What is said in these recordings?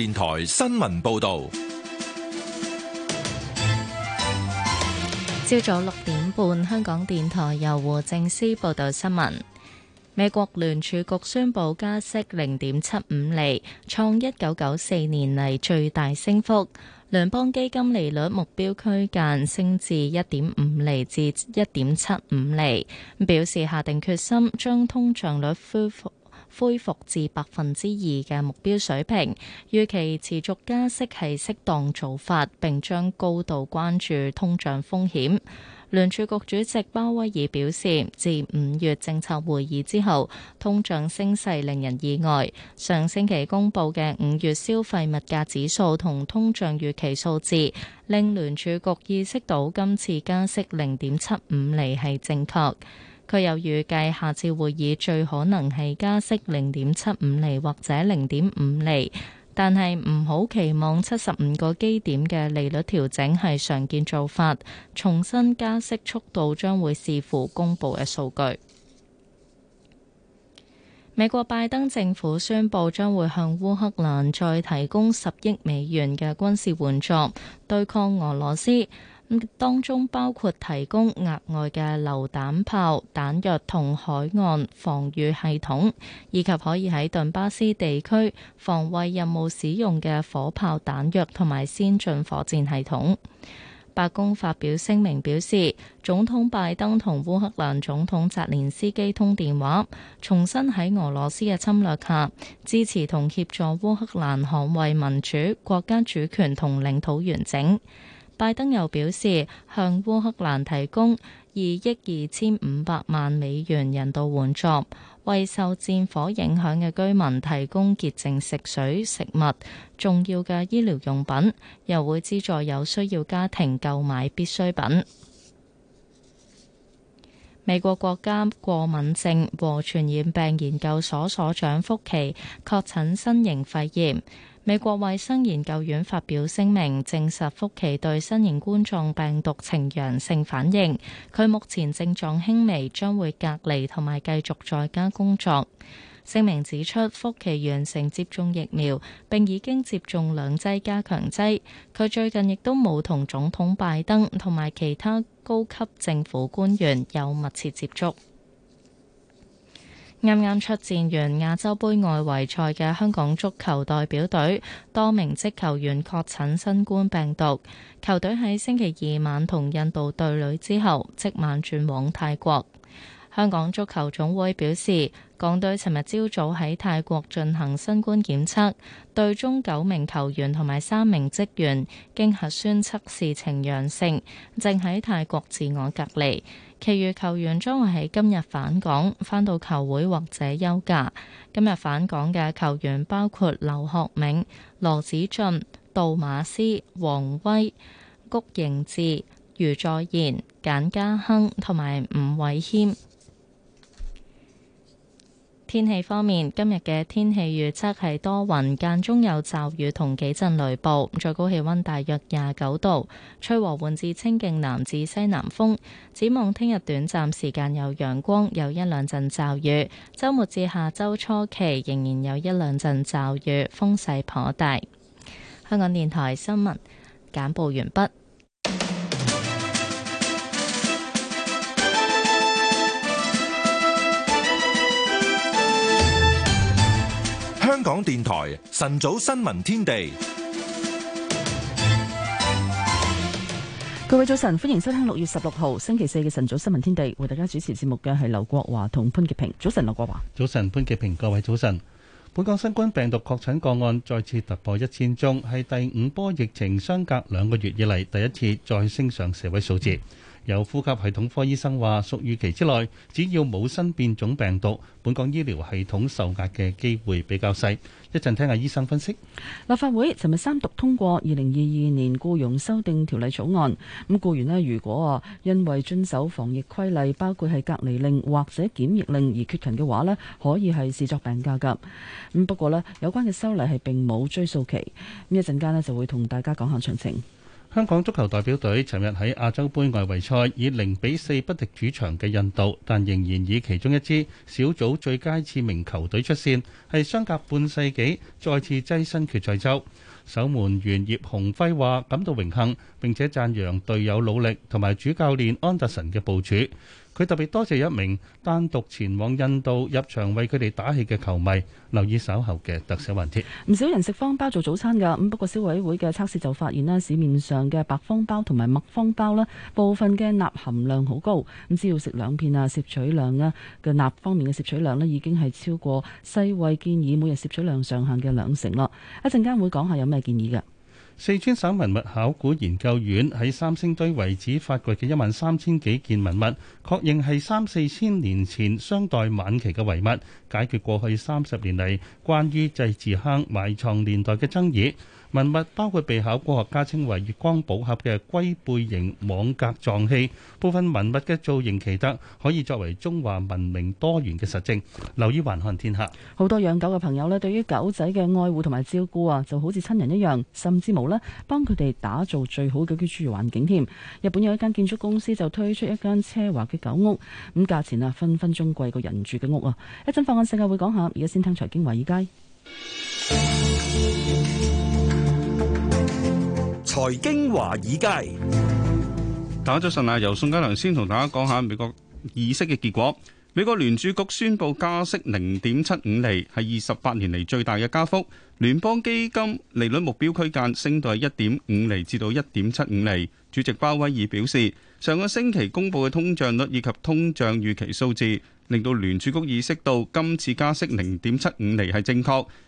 電台新聞報道，朝早六點半，香港電台由胡政斯報道新聞。美國聯儲局宣佈加息零點七五厘，創一九九四年嚟最大升幅。聯邦基金利率目標區間升至一點五厘至一點七五厘，咁表示下定決心將通脹率恢復。恢復至百分之二嘅目標水平，預期持續加息係適當做法，並將高度關注通脹風險。聯儲局主席鮑威爾表示，自五月政策會議之後，通脹升勢令人意外。上星期公佈嘅五月消費物價指數同通脹預期數字，令聯儲局意識到今次加息零點七五厘係正確。佢又預計下次會議最可能係加息零點七五厘或者零點五厘，但係唔好期望七十五個基點嘅利率調整係常見做法。重新加息速度將會視乎公布嘅數據。美國拜登政府宣布將會向烏克蘭再提供十億美元嘅軍事援助，對抗俄羅斯。咁，當中包括提供額外嘅榴彈炮、彈藥同海岸防禦系統，以及可以喺頓巴斯地區防衛任務使用嘅火炮彈藥同埋先進火箭系統。白宮發表聲明表示，總統拜登同烏克蘭總統澤連斯基通電話，重申喺俄羅斯嘅侵略下，支持同協助烏克蘭捍衛民主、國家主權同領土完整。拜登又表示，向烏克蘭提供二億二千五百萬美元人道援助，為受戰火影響嘅居民提供潔淨食水、食物、重要嘅醫療用品，又會資助有需要家庭購買必需品。美國國家過敏症和傳染病研究所所長福奇確診新型肺炎。美國衛生研究院發表聲明證實福奇對新型冠狀病毒呈陽性反應。佢目前症狀輕微，將會隔離同埋繼續在家工作。聲明指出，福奇完成接種疫苗，並已經接種兩劑加強劑。佢最近亦都冇同總統拜登同埋其他高級政府官員有密切接觸。啱啱出戰完亞洲杯外圍賽嘅香港足球代表隊，多名職球員確診新冠病毒。球隊喺星期二晚同印度對壘之後，即晚轉往泰國。香港足球總會表示，港隊尋日朝早喺泰國進行新冠檢測，隊中九名球員同埋三名職員經核酸測試呈陽性，正喺泰國自我隔離。其餘球員將會喺今日返港，返到球會或者休假。今日返港嘅球員包括劉學明、羅子俊、杜馬斯、王威、谷盈智、余再賢、簡家亨同埋吳偉謙。天氣方面，今日嘅天氣預測係多雲，間中有驟雨同幾陣雷暴。最高氣溫大約廿九度，吹和緩至清勁南至西南風。展望聽日短暫時間有陽光，有一兩陣驟雨。週末至下週初期仍然有一兩陣驟雨，風勢頗大。香港電台新聞簡報完畢。香港電台晨早新聞天地，各位早晨，歡迎收聽六月十六號星期四嘅晨早新聞天地，為大家主持節目嘅係劉國華同潘潔平。早晨，劉國華，早晨，潘潔平，各位早晨。本港新冠病毒確診個案再次突破一千宗，係第五波疫情相隔兩個月以嚟，第一次再升上四位數字。有呼吸系統科醫生話：屬預期之內，只要冇新變種病毒，本港醫療系統受壓嘅機會比較細。一陣聽下醫生分析。立法會尋日三讀通過《二零二二年雇傭修訂條例草案》。咁雇員呢，如果啊因為遵守防疫規例，包括係隔離令或者檢疫令而缺勤嘅話呢，可以係視作病假㗎。咁不過呢，有關嘅修例係並冇追溯期。咁一陣間呢，就會同大家講下詳情。香港足球代表隊尋日喺亞洲盃外圍賽以零比四不敵主場嘅印度，但仍然以其中一支小組最佳次名球隊出線，係相隔半世紀再次躋身決賽周。守門員葉鴻輝話感到榮幸，並且讚揚隊友努力同埋主教練安達臣嘅部署。佢特別多謝一名單獨前往印度入場為佢哋打氣嘅球迷。留意稍後嘅特寫環節。唔少人食方包做早餐噶咁，不過消委會嘅測試就發現咧，市面上嘅白方包同埋麥方包咧，部分嘅鈉含量好高咁，只要食兩片啊，攝取量咧嘅鈉方面嘅攝取量咧已經係超過世衛建議每日攝取量上限嘅兩成咯。一陣間會講下有咩建議嘅。四川省文物考古研究院喺三星堆遺址發掘嘅一萬三千幾件文物，確認係三四千年前商代晚期嘅遺物，解決過去三十年嚟關於祭祀坑埋藏年代嘅爭議。文物包括被考古學家稱為月光寶盒嘅龜背形網格狀器，部分文物嘅造型奇特，可以作為中華文明多元嘅實證。留意環看天下，好多養狗嘅朋友咧，對於狗仔嘅愛護同埋照顧啊，就好似親人一樣，甚至冇咧幫佢哋打造最好嘅居住環境添。日本有一間建築公司就推出一間奢華嘅狗屋，咁價錢啊分分鐘貴過人住嘅屋啊！一陣放眼世界會講下，而家先聽財經華爾街。財經華爾街，打咗陣啊！由宋嘉良先同大家講下美國議息嘅結果。美國聯儲局宣佈加息零點七五厘，係二十八年嚟最大嘅加幅。聯邦基金利率目標區間升到係一點五厘至到一點七五厘。主席鮑威爾表示，上個星期公布嘅通脹率以及通脹預期數字，令到聯儲局意識到今次加息零點七五厘係正確。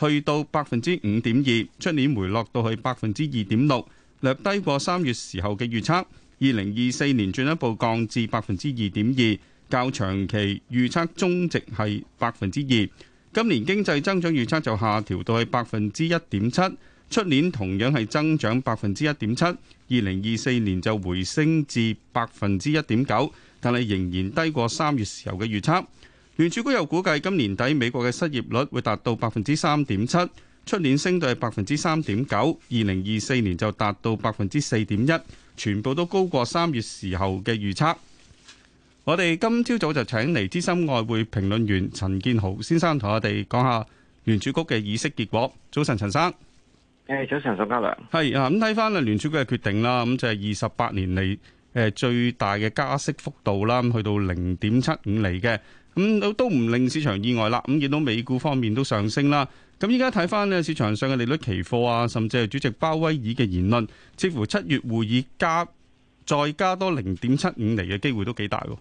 去到百分之五點二，出年回落到去百分之二點六，略低過三月時候嘅預測，二零二四年進一步降至百分之二點二，較長期預測中值係百分之二。今年經濟增長預測就下調到去百分之一點七，出年同樣係增長百分之一點七，二零二四年就回升至百分之一點九，但係仍然低過三月時候嘅預測。聯儲局又估計，今年底美國嘅失業率會達到百分之三點七，出年升到係百分之三點九，二零二四年就達到百分之四點一，全部都高過三月時候嘅預測。我哋今朝早就請嚟資深外匯評論員陳建豪先生同我哋講下聯儲局嘅議息結果。早晨，陳生。誒，hey，早晨，宋嘉良。係啊，咁睇翻啊，聯儲局嘅決定啦，咁就係二十八年嚟誒最大嘅加息幅度啦，去到零點七五厘嘅。咁都都唔令市場意外啦，咁見到美股方面都上升啦。咁依家睇翻呢，市場上嘅利率期貨啊，甚至係主席鮑威爾嘅言論，似乎七月會議加再加多零點七五厘嘅機會都幾大喎。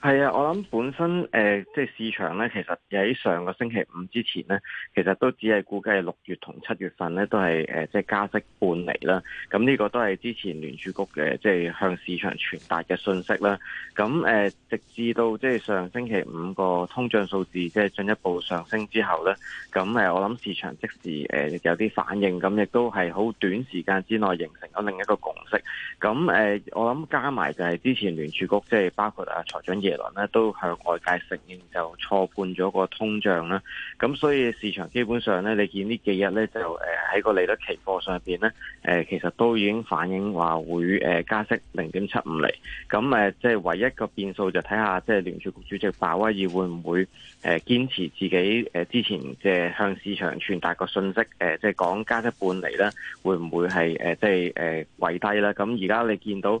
係啊，我諗本身誒、呃，即係市場咧，其實喺上個星期五之前咧，其實都只係估計六月同七月份咧都係誒、呃，即係加息半厘啦。咁呢個都係之前聯儲局嘅，即係向市場傳達嘅信息啦。咁誒、呃，直至到即係上星期五個通脹數字即係進一步上升之後咧，咁誒、呃，我諗市場即時誒、呃、有啲反應，咁亦都係好短時間之內形成咗另一個共識。咁誒、呃，我諗加埋就係之前聯儲局即係包括啊財長嚟咧都向外界承認就錯判咗個通脹啦，咁所以市場基本上呢，你見呢幾日呢，就誒喺個利率期貨上邊呢，誒其實都已經反映話會誒加息零點七五厘，咁誒即係唯一個變數就睇下即係聯儲局主席鮑威爾會唔會誒堅持自己誒之前即係向市場傳達個信息誒即係講加息半厘咧，會唔會係誒即係誒為低啦，咁而家你見到誒佢、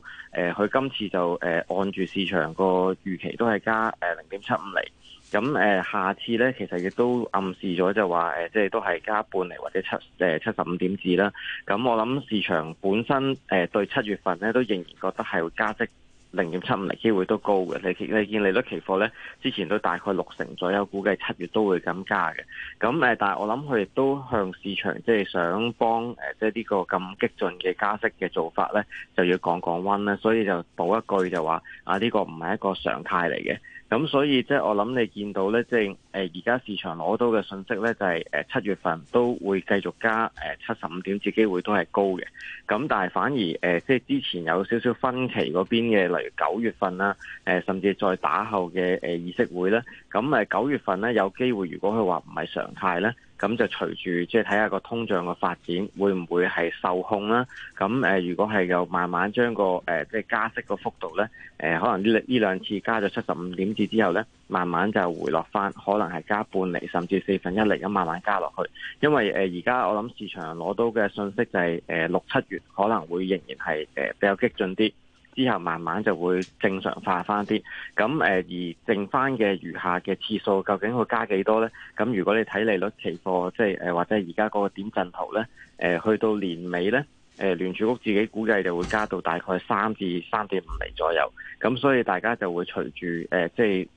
呃、今次就誒按住市場個預。期都係加誒零點七五釐，咁誒、呃、下次呢，其實亦都暗示咗就話誒、呃，即係都係加半釐或者七誒七十五點子啦。咁我諗市場本身誒、呃、對七月份呢，都仍然覺得係會加息。零點七五釐機會都高嘅，你見你見利率期貨咧，之前都大概六成左右，估計七月都會咁加嘅。咁誒，但係我諗佢亦都向市場即係想幫誒，即係呢個咁激進嘅加息嘅做法咧，就要降降溫啦。所以就補一句就話啊，呢個唔係一個常態嚟嘅。咁所以即係我諗你見到咧，即係誒而家市場攞到嘅信息咧，就係誒七月份都會繼續加誒七十五點子機會都係高嘅。咁但係反而誒即係之前有少少分歧嗰邊嘅，例如九月份啦，啊，誒甚至再打後嘅誒議息會咧，咁誒九月份咧有機會，如果佢話唔係常態咧。咁就隨住即係睇下個通脹嘅發展會唔會係受控啦？咁誒，如果係有慢慢將個誒即係加息個幅度呢，誒、呃、可能呢呢兩次加咗七十五點子之後呢，慢慢就回落翻，可能係加半厘甚至四分一厘咁慢慢加落去，因為誒而家我諗市場攞到嘅信息就係誒六七月可能會仍然係誒比較激進啲。之後慢慢就會正常化翻啲，咁誒、呃、而剩翻嘅餘下嘅次數，究竟會加幾多呢？咁如果你睇利率期貨，即係誒、呃、或者而家嗰個點陣圖咧，去到年尾呢，誒、呃、聯儲局自己估計就會加到大概三至三點五厘左右，咁所以大家就會隨住誒、呃、即係。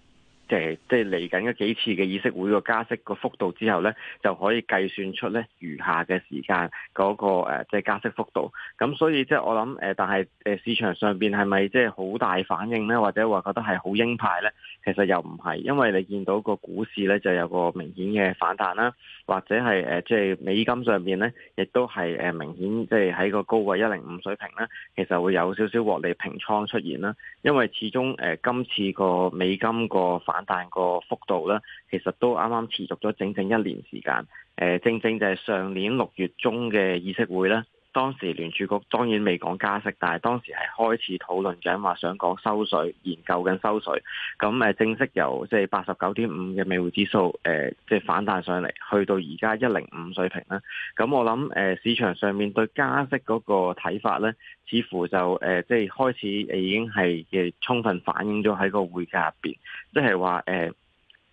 即係嚟緊嗰幾次嘅議息會個加息個幅度之後呢，就可以計算出呢餘下嘅時間嗰、那個即係加息幅度。咁所以即係我諗誒，但係誒，市場上邊係咪即係好大反應呢？或者話覺得係好鷹派呢？其實又唔係，因為你見到個股市呢就有個明顯嘅反彈啦，或者係誒，即係美金上邊呢，亦都係誒，明顯即係喺個高位一零五水平呢，其實會有少少獲利平倉出現啦。因為始終誒、呃、今次個美金個反彈個幅度咧，其實都啱啱持續咗整整一年時間，誒、呃，正正就係上年六月中嘅議息會咧。當時聯儲局當然未講加息，但係當時係開始討論緊話想講收水，研究緊收水。咁誒正式由即係八十九點五嘅美匯指數誒，即、呃、係、就是、反彈上嚟，去到而家一零五水平啦。咁我諗誒、呃、市場上面對加息嗰個睇法咧，似乎就誒即係開始已經係嘅充分反映咗喺個匯價入邊，即係話誒，呃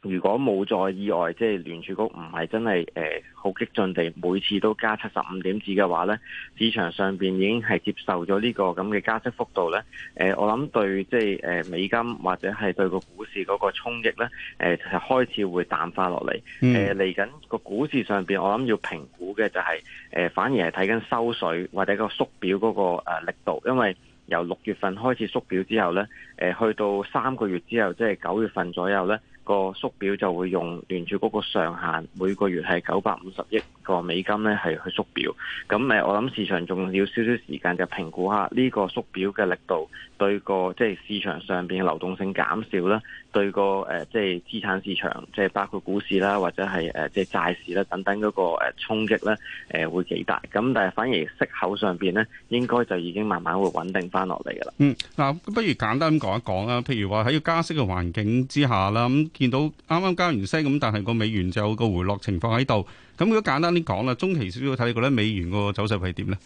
如果冇再意外，即係聯儲局唔係真係誒好激進地每次都加七十五點子嘅話咧，市場上邊已經係接受咗呢個咁嘅加息幅度咧。誒、呃，我諗對即係誒、呃、美金或者係對個股市嗰個衝擊咧，誒、呃、開始會淡化落嚟。誒嚟緊個股市上邊，我諗要評估嘅就係、是、誒、呃、反而係睇緊收水或者個縮表嗰個誒力度，因為由六月份開始縮表之後咧，誒、呃、去到三個月之後，即係九月份左右咧。個縮表就會用聯儲嗰個上限，每個月係九百五十億。個美金咧係去縮表，咁誒，我諗市場仲要少少時間就評估下呢個縮表嘅力度對個即係市場上邊嘅流動性減少啦，對個誒、呃、即係資產市場，即係包括股市啦，或者係誒、呃、即係債市啦等等嗰個誒衝擊咧，誒、呃、會幾大？咁但係反而息口上邊咧，應該就已經慢慢會穩定翻落嚟噶啦。嗯，嗱，不如簡單咁講一講啦。譬如話喺個加息嘅環境之下啦，咁見到啱啱加完息咁，但係個美元就有個回落情況喺度。咁如果簡單啲講啦，中期少少睇過咧，你覺得美元個走勢係點咧？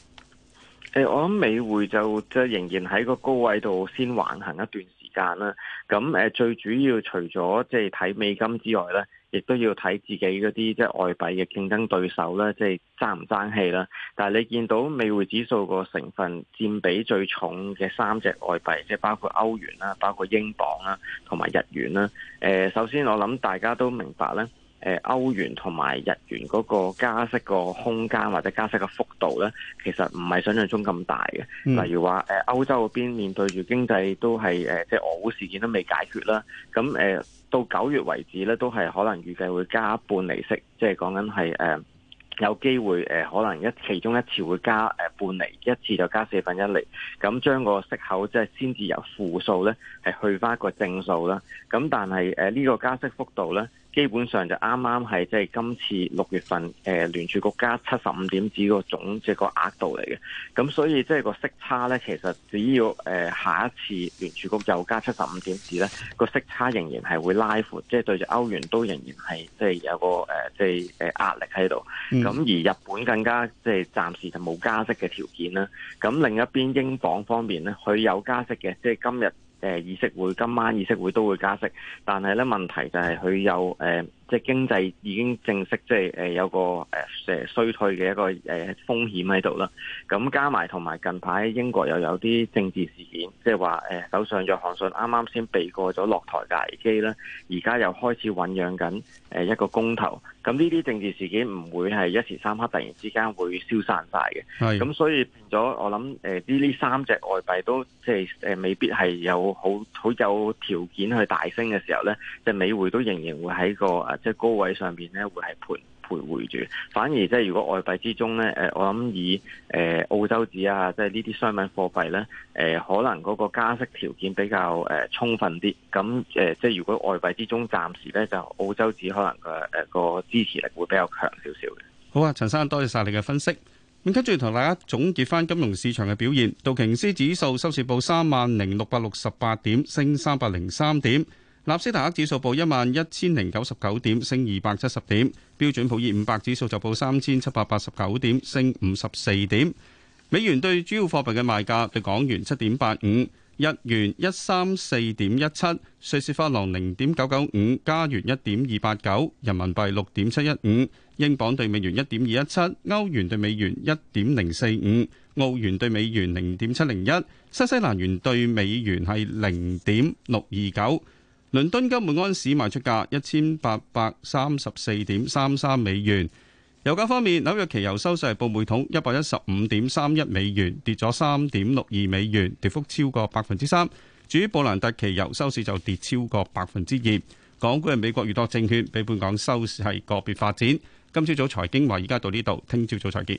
誒，我諗美匯就即係仍然喺個高位度先橫行一段時間啦。咁誒，最主要除咗即係睇美金之外咧，亦都要睇自己嗰啲即係外幣嘅競爭對手咧，即係爭唔爭氣啦。但係你見到美匯指數個成分佔比最重嘅三隻外幣，即係包括歐元啦、包括英鎊啦、同埋日元啦。誒，首先我諗大家都明白咧。誒，歐元同埋日元嗰個加息個空間或者加息個幅度咧，其實唔係想象中咁大嘅。例、嗯、如話誒歐洲嗰邊面，面對住經濟都係誒、呃，即係俄烏事件都未解決啦。咁、呃、誒到九月為止咧，都係可能預計會加半厘息，即係講緊係誒有機會誒可能一其中一次會加誒、呃、半厘，一次就加四分一厘。咁將個息口即係先至由負數咧，係去返一個正數啦。咁但係誒呢個加息幅度咧，基本上就啱啱係即係今次六月份誒聯儲局加七十五點子個總，即係、就是、個額度嚟嘅。咁所以即係個息差咧，其實只要誒、呃、下一次聯儲局又加七十五點子咧，個息差仍然係會拉闊，即、就、係、是、對住歐元都仍然係即係有個誒即係誒壓力喺度。咁、嗯、而日本更加即係暫時就冇加息嘅條件啦。咁另一邊英鎊方面咧，佢有加息嘅，即係、就是、今日。誒、呃、議息會今晚議息會都會加息，但係咧，問題就係佢有誒。呃即係經濟已經正式即係誒有個誒衰退嘅一個誒風險喺度啦。咁加埋同埋近排英國又有啲政治事件，即係話誒首相約翰遜啱啱先避過咗落台危機啦，而家又開始醖釀緊誒一個公投。咁呢啲政治事件唔會係一時三刻突然之間會消散晒嘅。咁是，所以變咗我諗誒呢啲三隻外幣都即係誒未必係有好好有條件去大升嘅時候呢，即係美匯都仍然會喺個。即係高位上邊咧，會係盤徘徊住。反而即係如果外幣之中咧，誒，我諗以誒澳洲紙啊，即係呢啲商品貨幣咧，誒，可能嗰個加息條件比較誒充分啲。咁誒，即係如果外幣之中暫時咧，就澳洲紙可能誒誒個支持力會比較強少少嘅。好啊，陳生，多謝晒你嘅分析。咁跟住同大家總結返金融市場嘅表現。道瓊斯指數收市報三萬零六百六十八點，升三百零三點。納斯達克指數報一萬一千零九十九點，升二百七十點。標準普爾五百指數就報三千七百八十九點，升五十四點。美元兌主要貨幣嘅賣價：兌港元七點八五，日元一三四點一七，瑞士法郎零點九九五，加元一點二八九，人民幣六點七一五，英鎊兌美元一點二一七，歐元兌美元一點零四五，澳元兌美元零點七零一，新西蘭元兌美元係零點六二九。倫敦金每安士賣出價一千八百三十四點三三美元。油價方面，紐約期油收市報每桶一百一十五點三一美元，跌咗三點六二美元，跌幅超過百分之三。至於布蘭特期油收市就跌超過百分之二。港股係美國裕多證券俾本港收市係個別發展。今朝早財經話而家到呢度，聽朝早再見。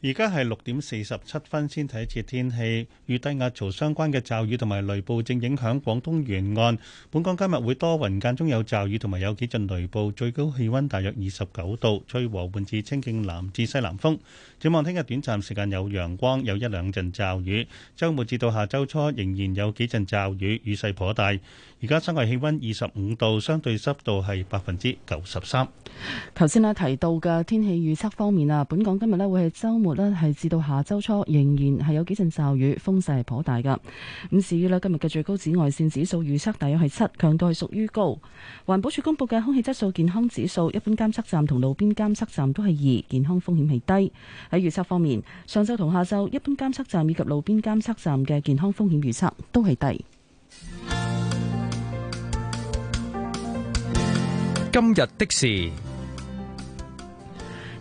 而家係六點四十七分，先睇一次天氣。與低壓槽相關嘅驟雨同埋雷暴正影響廣東沿岸。本港今日會多雲間中有驟雨同埋有幾陣雷暴，最高氣溫大約二十九度，吹和緩至清勁南至西南風。展望聽日短暫時間有陽光，有一兩陣驟雨。週末至到下週初仍然有幾陣驟雨，雨勢頗大。而家室外氣溫二十五度，相對濕度係百分之九十三。頭先咧提到嘅天氣預測方面啊，本港今日咧會係周末咧，係至到下周初仍然係有幾陣驟雨，風勢係頗大㗎。咁至於咧今日嘅最高紫外線指數預測大約係七，強度係屬於高。環保署公佈嘅空氣質素健康指數，一般監測站同路邊監測站都係二，健康風險係低。喺預測方面，上晝同下晝一般監測站以及路邊監測站嘅健康風險預測都係低。今日的事，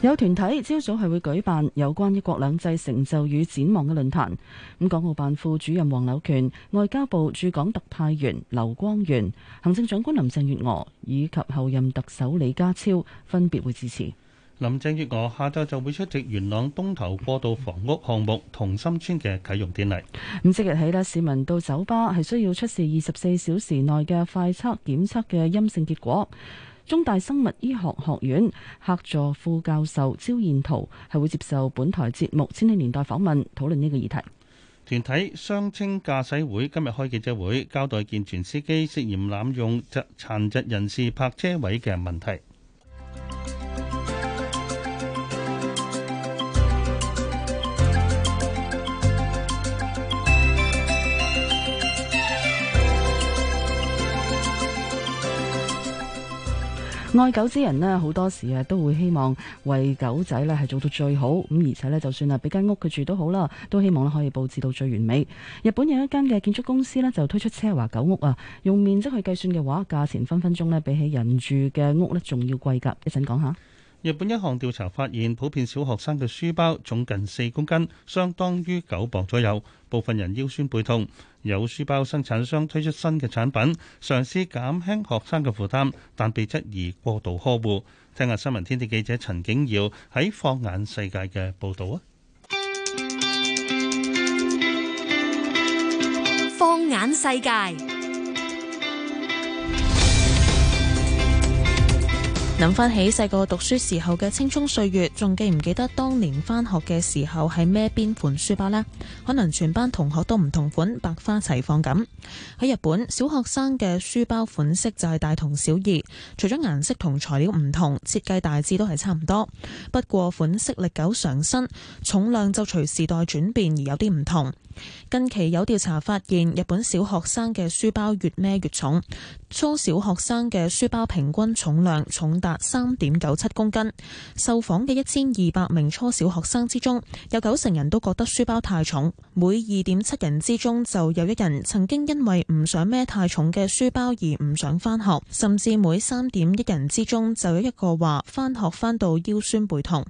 有團體朝早係會舉辦有關一國兩制成就與展望嘅論壇。咁港澳辦副主任黃柳權、外交部駐港特派員劉光源、行政長官林鄭月娥以及候任特首李家超分別會致辭。林鄭月娥下晝就會出席元朗東頭過渡房屋項目同心村嘅啟用典禮。咁即日起啦，市民到酒吧係需要出示二十四小時內嘅快測檢測嘅陰性結果。中大生物醫學學院客座副教授焦燕桃係會接受本台節目《千禧年代》訪問，討論呢個議題。團體雙清駕駛會今日開記者會交代健全司機涉嫌濫用殘疾人士泊車位嘅問題。愛狗之人咧，好多時啊都會希望為狗仔咧，係做到最好咁，而且咧，就算啊俾間屋佢住都好啦，都希望可以布置到最完美。日本有一間嘅建築公司咧，就推出奢華狗屋啊，用面積去計算嘅話，價錢分分鐘咧，比起人住嘅屋咧仲要貴噶講一陣講下。日本一項調查發現，普遍小學生嘅書包重近四公斤，相當於九磅左右，部分人腰酸背痛。有書包生產商推出新嘅產品，嘗試減輕學生嘅負擔，但被質疑過度呵護。聽下新聞天地記者陳景耀喺放眼世界嘅報道啊！放眼世界。諗翻起細個讀書時候嘅青葱歲月，仲記唔記得當年翻學嘅時候係咩邊款書包呢？可能全班同學都唔同款，百花齊放咁。喺日本，小學生嘅書包款式就係大同小異，除咗顏色同材料唔同，設計大致都係差唔多。不過款式歷久常新，重量就隨時代轉變而有啲唔同。近期有調查發現，日本小學生嘅書包越孭越重，初小學生嘅書包平均重量重達三點九七公斤。受訪嘅一千二百名初小學生之中，有九成人都覺得書包太重，每二點七人之中就有一人曾經因為唔想孭太重嘅書包而唔想翻學，甚至每三點一人之中就有一個話翻學翻到腰酸背痛。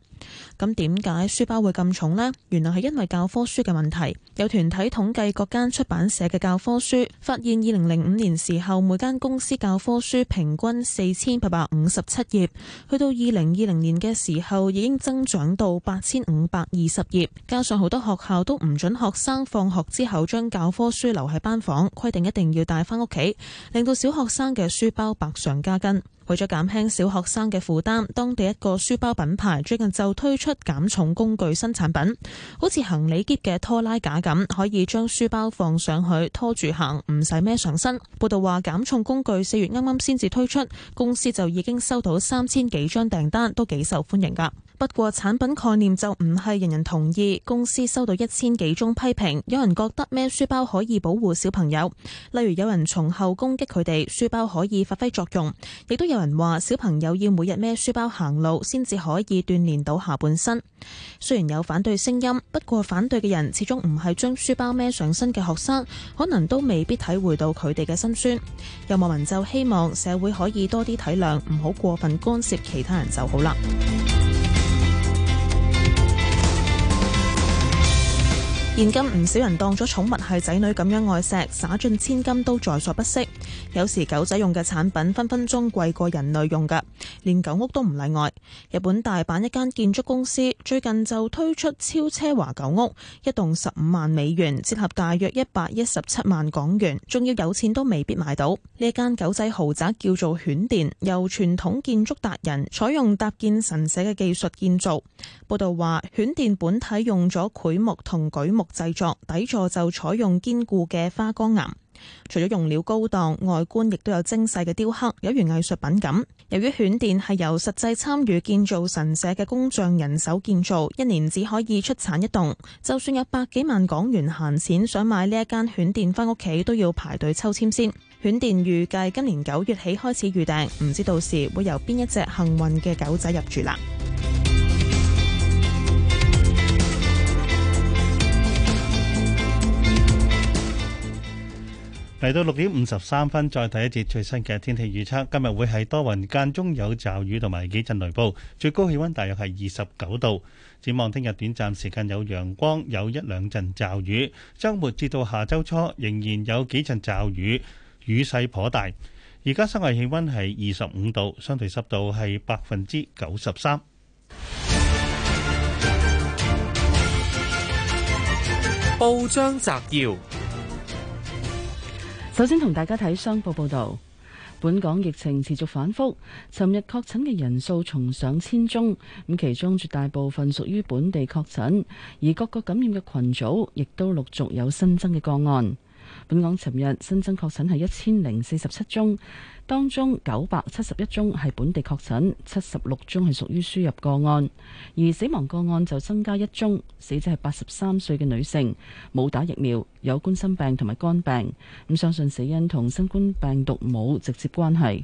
咁點解書包會咁重呢？原來係因為教科書嘅問題。有團體統計各間出版社嘅教科書，發現二零零五年時候每間公司教科書平均四千八百五十七頁，去到二零二零年嘅時候已經增長到八千五百二十頁。加上好多學校都唔准學生放學之後將教科書留喺班房，規定一定要帶翻屋企，令到小學生嘅書包百上加斤。為咗減輕小學生嘅負擔，當地一個書包品牌最近就推出減重工具新產品，好似行李篋嘅拖拉架咁，可以將書包放上去拖住行，唔使孭上身。報道話，減重工具四月啱啱先至推出，公司就已經收到三千幾張訂單，都幾受歡迎㗎。不過產品概念就唔係人人同意，公司收到一千幾宗批評。有人覺得孭書包可以保護小朋友，例如有人從後攻擊佢哋，書包可以發揮作用；亦都有人話小朋友要每日孭書包行路先至可以鍛鍊到下半身。雖然有反對聲音，不過反對嘅人始終唔係將書包孭上身嘅學生，可能都未必體會到佢哋嘅辛酸。有網民就希望社會可以多啲體諒，唔好過分干涉其他人就好啦。現今唔少人當咗寵物係仔女咁樣愛錫，灑盡千金都在所不惜。有時狗仔用嘅產品分分鐘貴過人類用嘅，連狗屋都唔例外。日本大阪一間建築公司最近就推出超奢華狗屋，一棟十五萬美元，折合大約一百一十七萬港元，仲要有錢都未必買到。呢間狗仔豪宅叫做犬殿，由傳統建築達人採用搭建神社嘅技術建造。報道話，犬殿本體用咗檜木同欅木。製作底座就採用堅固嘅花崗岩，除咗用料高檔，外觀亦都有精細嘅雕刻，有如藝術品咁。由於犬殿係由實際參與建造神社嘅工匠人手建造，一年只可以出產一棟，就算有百幾萬港元閒錢想買呢一間犬殿翻屋企，都要排隊抽籤先。犬殿預計今年九月起開始預訂，唔知到時會由邊一隻幸運嘅狗仔入住啦。嚟到六點五十三分，再睇一節最新嘅天氣預測。今日會係多雲間中有驟雨同埋幾陣雷暴，最高氣溫大約係二十九度。展望聽日短暫時間有陽光，有一兩陣驟雨。週末至到下週初仍然有幾陣驟雨，雨勢頗大。而家室外氣溫係二十五度，相對濕度係百分之九十三。報章摘要。首先同大家睇商報報道，本港疫情持續反覆尋日確診嘅人數重上千宗，咁其中絕大部分屬於本地確診，而各個感染嘅群組亦都陸續有新增嘅個案。本港尋日新增確診係一千零四十七宗。當中九百七十一宗係本地確診，七十六宗係屬於輸入個案，而死亡個案就增加一宗，死者係八十三歲嘅女性，冇打疫苗，有冠心病同埋肝病，咁相信死因同新冠病毒冇直接關係。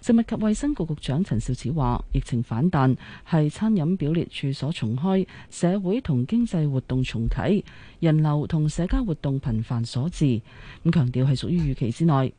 食物及衛生局局長陳肇始話：疫情反彈係餐飲表列處所重開、社會同經濟活動重啟、人流同社交活動頻繁所致，咁強調係屬於預期之內。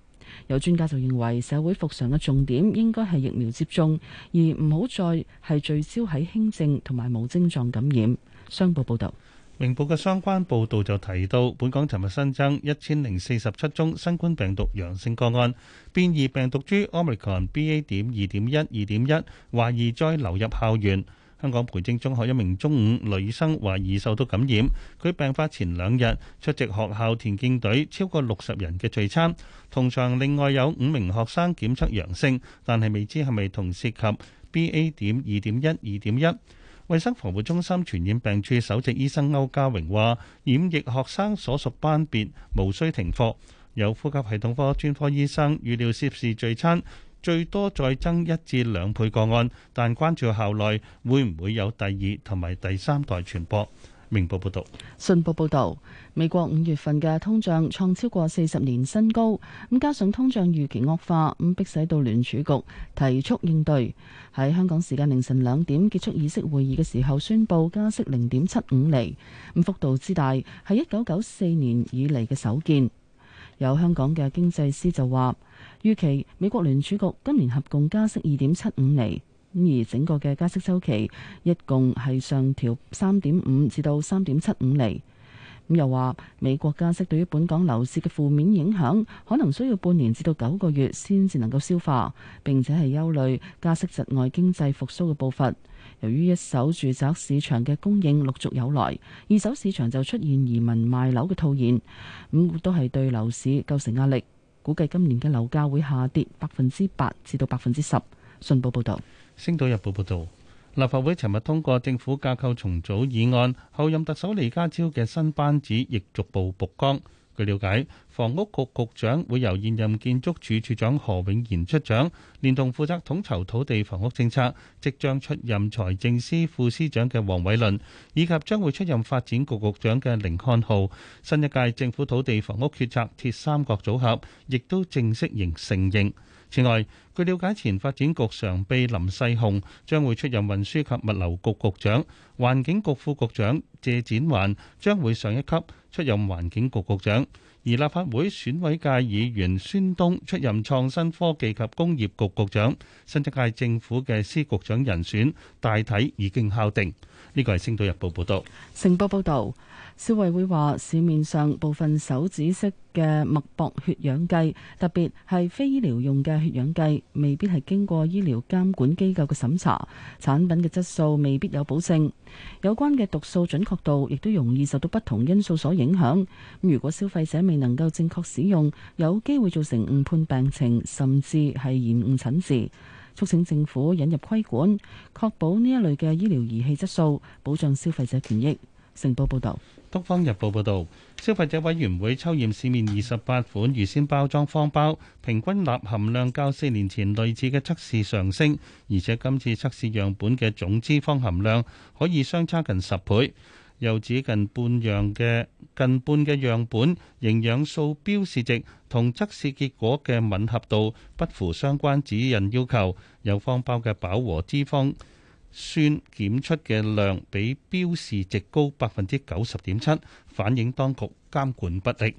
有專家就認為，社會復常嘅重點應該係疫苗接種，而唔好再係聚焦喺輕症同埋無症狀感染。商報報導，明報嘅相關報導就提到，本港尋日新增一千零四十七宗新冠病毒陽性個案，變異病毒株奧密克戎 BA. 點二點一二點一，懷疑再流入校園。香港培正中學一名中五女生懷疑受到感染，佢病發前兩日出席學校田徑隊超過六十人嘅聚餐，同場另外有五名學生檢測陽性，但係未知係咪同涉及 B A 點二點一二點一。衛生防護中心傳染病處首席醫生歐家榮話，染疫學生所屬班別無需停課，有呼吸系統科專科醫生預料涉事聚餐，最多再增一至兩倍個案，但關注校內會唔會有第二同埋第三代傳播。明報報道，信報報道，美國五月份嘅通脹創超過四十年新高，咁加上通脹預期惡化，咁逼使到聯儲局提速應對，喺香港時間凌晨兩點結束議息會議嘅時候，宣布加息零點七五厘，咁幅度之大，係一九九四年以嚟嘅首見。有香港嘅經濟師就話，預期美國聯儲局今年合共加息二點七五厘，咁而整個嘅加息周期一共係上調三點五至到三點七五厘。咁又話美國加息對於本港樓市嘅負面影響，可能需要半年至到九個月先至能夠消化，並且係憂慮加息窒礙經濟復甦嘅步伐。由於一手住宅市場嘅供應陸續有來，二手市場就出現移民賣樓嘅套現，咁都係對樓市構成壓力。估計今年嘅樓價會下跌百分之八至到百分之十。信報報導，《星島日報》報導，立法會尋日通過政府架構重組議案，候任特首李家超嘅新班子亦逐步曝光。據了解，房屋局局長會由現任建築署署長何永賢出掌，連同負責統籌土地房屋政策，即將出任財政司副司長嘅黃偉綸，以及將會出任發展局局長嘅甯漢豪，新一屆政府土地房屋決策鐵三角組合，亦都正式迎成形。此外，據了解，前發展局常秘林世雄將會出任運輸及物流局局長，環境局副局長謝展寰將會上一級。出任環境局局長，而立法會選委界議員孫東出任創新科技及工業局局長，新一屆政府嘅司局長人選大體已經敲定。呢個係《星島日報》報道，成報報道。消委會話：市面上部分手指式嘅脈搏血氧計，特別係非醫療用嘅血氧計，未必係經過醫療監管機構嘅審查，產品嘅質素未必有保證。有關嘅讀數準確度亦都容易受到不同因素所影響。如果消費者未能夠正確使用，有機會造成誤判病情，甚至係延誤診治。促請政府引入規管，確保呢一類嘅醫療儀器質素，保障消費者權益。成報報道。《東方日報》報導，消費者委員會抽驗市面二十八款預先包裝方包，平均鈉含量較四年前類似嘅測試上升，而且今次測試樣本嘅總脂肪含量可以相差近十倍。又指近半樣嘅近半嘅樣本營養素標示值同測試結果嘅吻合度不符相關指引要求，有方包嘅飽和脂肪酸檢出嘅量比標示值高百分之九十點七，反映當局監管不力。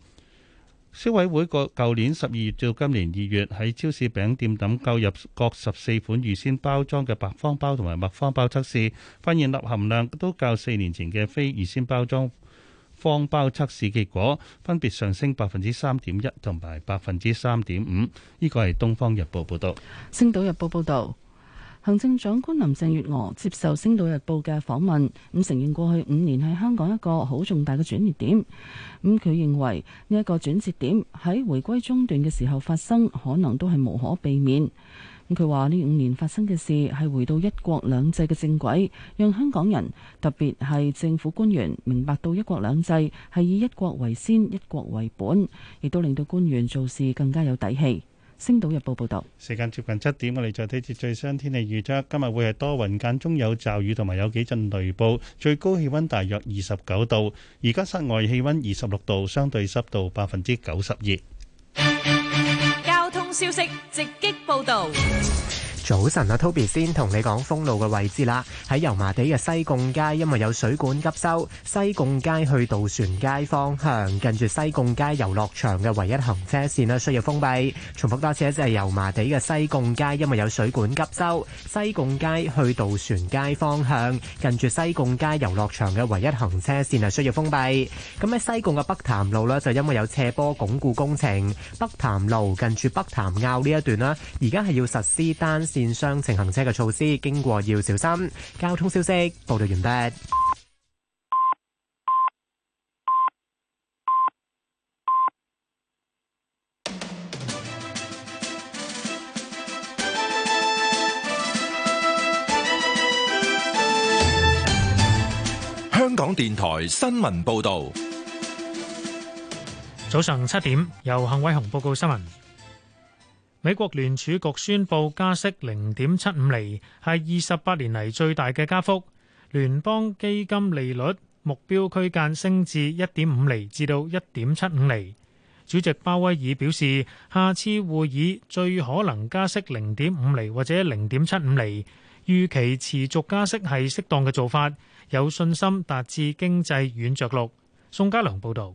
消委會個舊年十二月到今年二月，喺超市、餅店等購入各十四款預先包裝嘅白方包同埋麥方包測試，發現鈉含量都較四年前嘅非預先包裝方包測試結果分別上升百分之三點一同埋百分之三點五。呢個係《東方日報》報道，《星島日報》報道。行政長官林鄭月娥接受《星島日報》嘅訪問，咁承認過去五年係香港一個好重大嘅轉折點。咁，嗯，佢認為呢一個轉折點喺回歸中段嘅時候發生，可能都係無可避免。咁佢話呢五年發生嘅事係回到一國兩制嘅正軌，讓香港人，特別係政府官員，明白到一國兩制係以一國為先、一國為本，亦都令到官員做事更加有底氣。星島日報報道，時間接近七點，我哋再睇次最新天氣預測。今日會係多雲間中有驟雨，同埋有幾陣雷暴。最高氣溫大約二十九度，而家室外氣溫二十六度，相對濕度百分之九十二。交通消息直擊報導，直擊報道。早晨啊，Toby 先同你講封路嘅位置啦。喺油麻地嘅西貢街，因為有水管急修，西貢街去渡船街方向，近住西貢街遊樂場嘅唯一行車線咧，需要封閉。重複多次，即係油麻地嘅西貢街，因為有水管急修，西貢街去渡船街方向，近住西貢街遊樂場嘅唯一行車線啊，需要封閉。咁喺西貢嘅北潭路咧，就因為有斜坡鞏固工程，北潭路近住北潭坳呢一段咧，而家係要實施單。單綫雙程行車嘅措施，經過要小心。交通消息報道完畢。香港電台新聞報道，早上七點，由幸偉雄報告新聞。美國聯儲局宣佈加息零點七五厘，係二十八年嚟最大嘅加幅。聯邦基金利率目標區間升至一點五厘至到一點七五厘。主席鮑威爾表示，下次會議最可能加息零點五厘或者零點七五厘。預期持續加息係適當嘅做法，有信心達至經濟軟着陸。宋家良報道。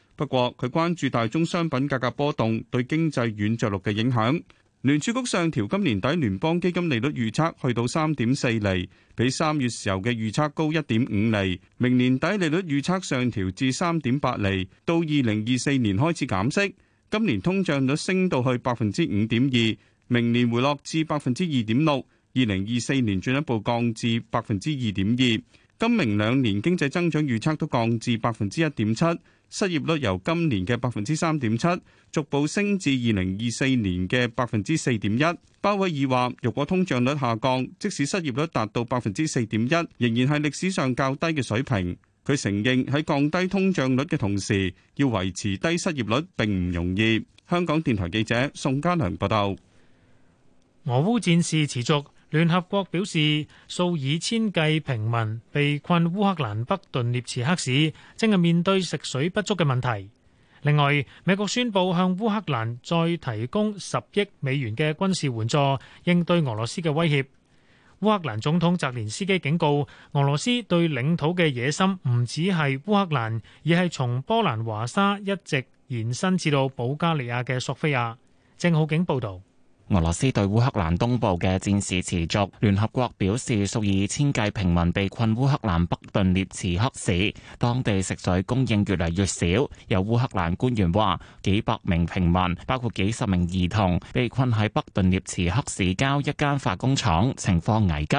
不過佢關注大宗商品價格波動對經濟軟着陸嘅影響。聯儲局上調今年底聯邦基金利率預測去到三點四厘，比三月時候嘅預測高一點五厘。明年底利率預測上調至三點八厘，到二零二四年開始減息。今年通脹率升到去百分之五點二，明年回落至百分之二點六，二零二四年進一步降至百分之二點二。今明兩年經濟增長預測都降至百分之一點七。失業率由今年嘅百分之三點七，逐步升至二零二四年嘅百分之四點一。鮑威爾話：如果通脹率下降，即使失業率達到百分之四點一，仍然係歷史上較低嘅水平。佢承認喺降低通脹率嘅同時，要維持低失業率並唔容易。香港電台記者宋家良報道。俄烏戰事持續。聯合國表示，數以千計平民被困烏克蘭北頓涅茨克市，正係面對食水不足嘅問題。另外，美國宣布向烏克蘭再提供十億美元嘅軍事援助，應對俄羅斯嘅威脅。烏克蘭總統澤連斯基警告，俄羅斯對領土嘅野心唔止係烏克蘭，而係從波蘭華沙一直延伸至到保加利亞嘅索菲亞。鄭浩景報導。俄羅斯對烏克蘭東部嘅戰事持續。聯合國表示，數以千計平民被困烏克蘭北頓涅茨克市，當地食水供應越嚟越少。有烏克蘭官員話，幾百名平民，包括幾十名兒童，被困喺北頓涅茨克市郊一間化工廠，情況危急。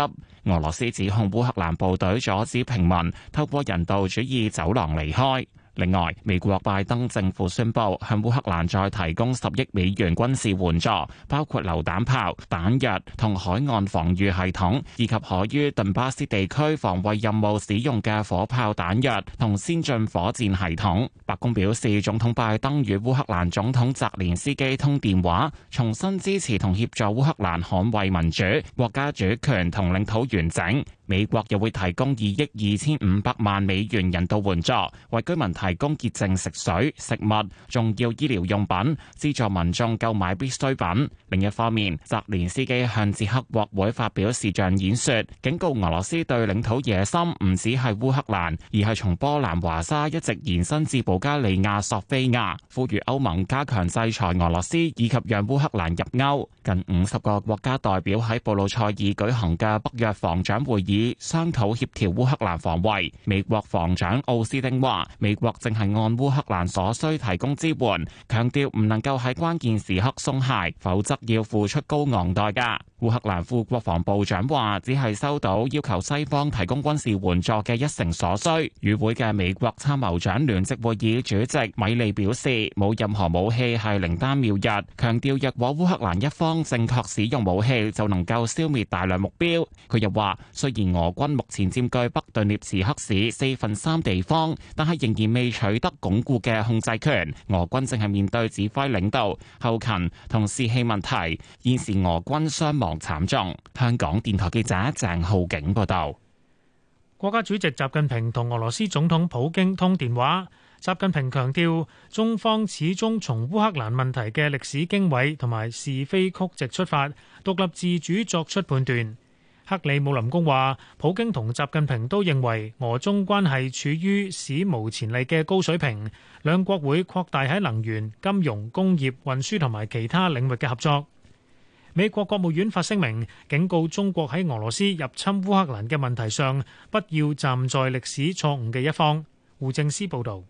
俄羅斯指控烏克蘭部隊阻止平民透過人道主義走廊離開。另外，美國拜登政府宣布向烏克蘭再提供十億美元軍事援助，包括榴彈炮、彈藥同海岸防禦系統，以及可於頓巴斯地區防衛任務使用嘅火炮彈藥同先進火箭系統。白宮表示，總統拜登與烏克蘭總統澤連斯基通電話，重新支持同協助烏克蘭捍衛民主、國家主權同領土完整。美國又會提供二億二千五百萬美元人道援助，為居民提供潔淨食水、食物，重要醫療用品，資助民眾購買必需品。另一方面，澤連斯基向捷克國會發表視像演說，警告俄羅斯對領土野心唔止係烏克蘭，而係從波蘭華沙一直延伸至保加利亞索菲亞，呼籲歐盟加強制裁俄羅斯，以及讓烏克蘭入歐。近五十個國家代表喺布魯塞爾舉行嘅北約防長會議。以商討協調烏克蘭防衛，美國防長奧斯汀話：美國正係按烏克蘭所需提供支援，強調唔能夠喺關鍵時刻鬆懈，否則要付出高昂代價。烏克蘭副國防部長話：只係收到要求西方提供軍事援助嘅一成所需。與會嘅美國參謀長聯席會議主席米利表示：冇任何武器係靈丹妙藥，強調若果烏克蘭一方正確使用武器，就能夠消滅大量目標。佢又話：雖然而俄軍目前占據北頓涅茨克市四分三地方，但係仍然未取得鞏固嘅控制權。俄軍正係面對指揮領導、後勤同士氣問題，現時俄軍傷亡慘重。香港電台記者鄭浩景報道。國家主席習近平同俄羅斯總統普京通電話，習近平強調，中方始終從烏克蘭問題嘅歷史經緯同埋是非曲直出發，獨立自主作出判斷。克里姆林宮話，普京同習近平都認為俄中關係處於史無前例嘅高水平，兩國會擴大喺能源、金融、工業、運輸同埋其他領域嘅合作。美國國務院發聲明警告中國喺俄羅斯入侵烏克蘭嘅問題上，不要站在歷史錯誤嘅一方。胡正思報道。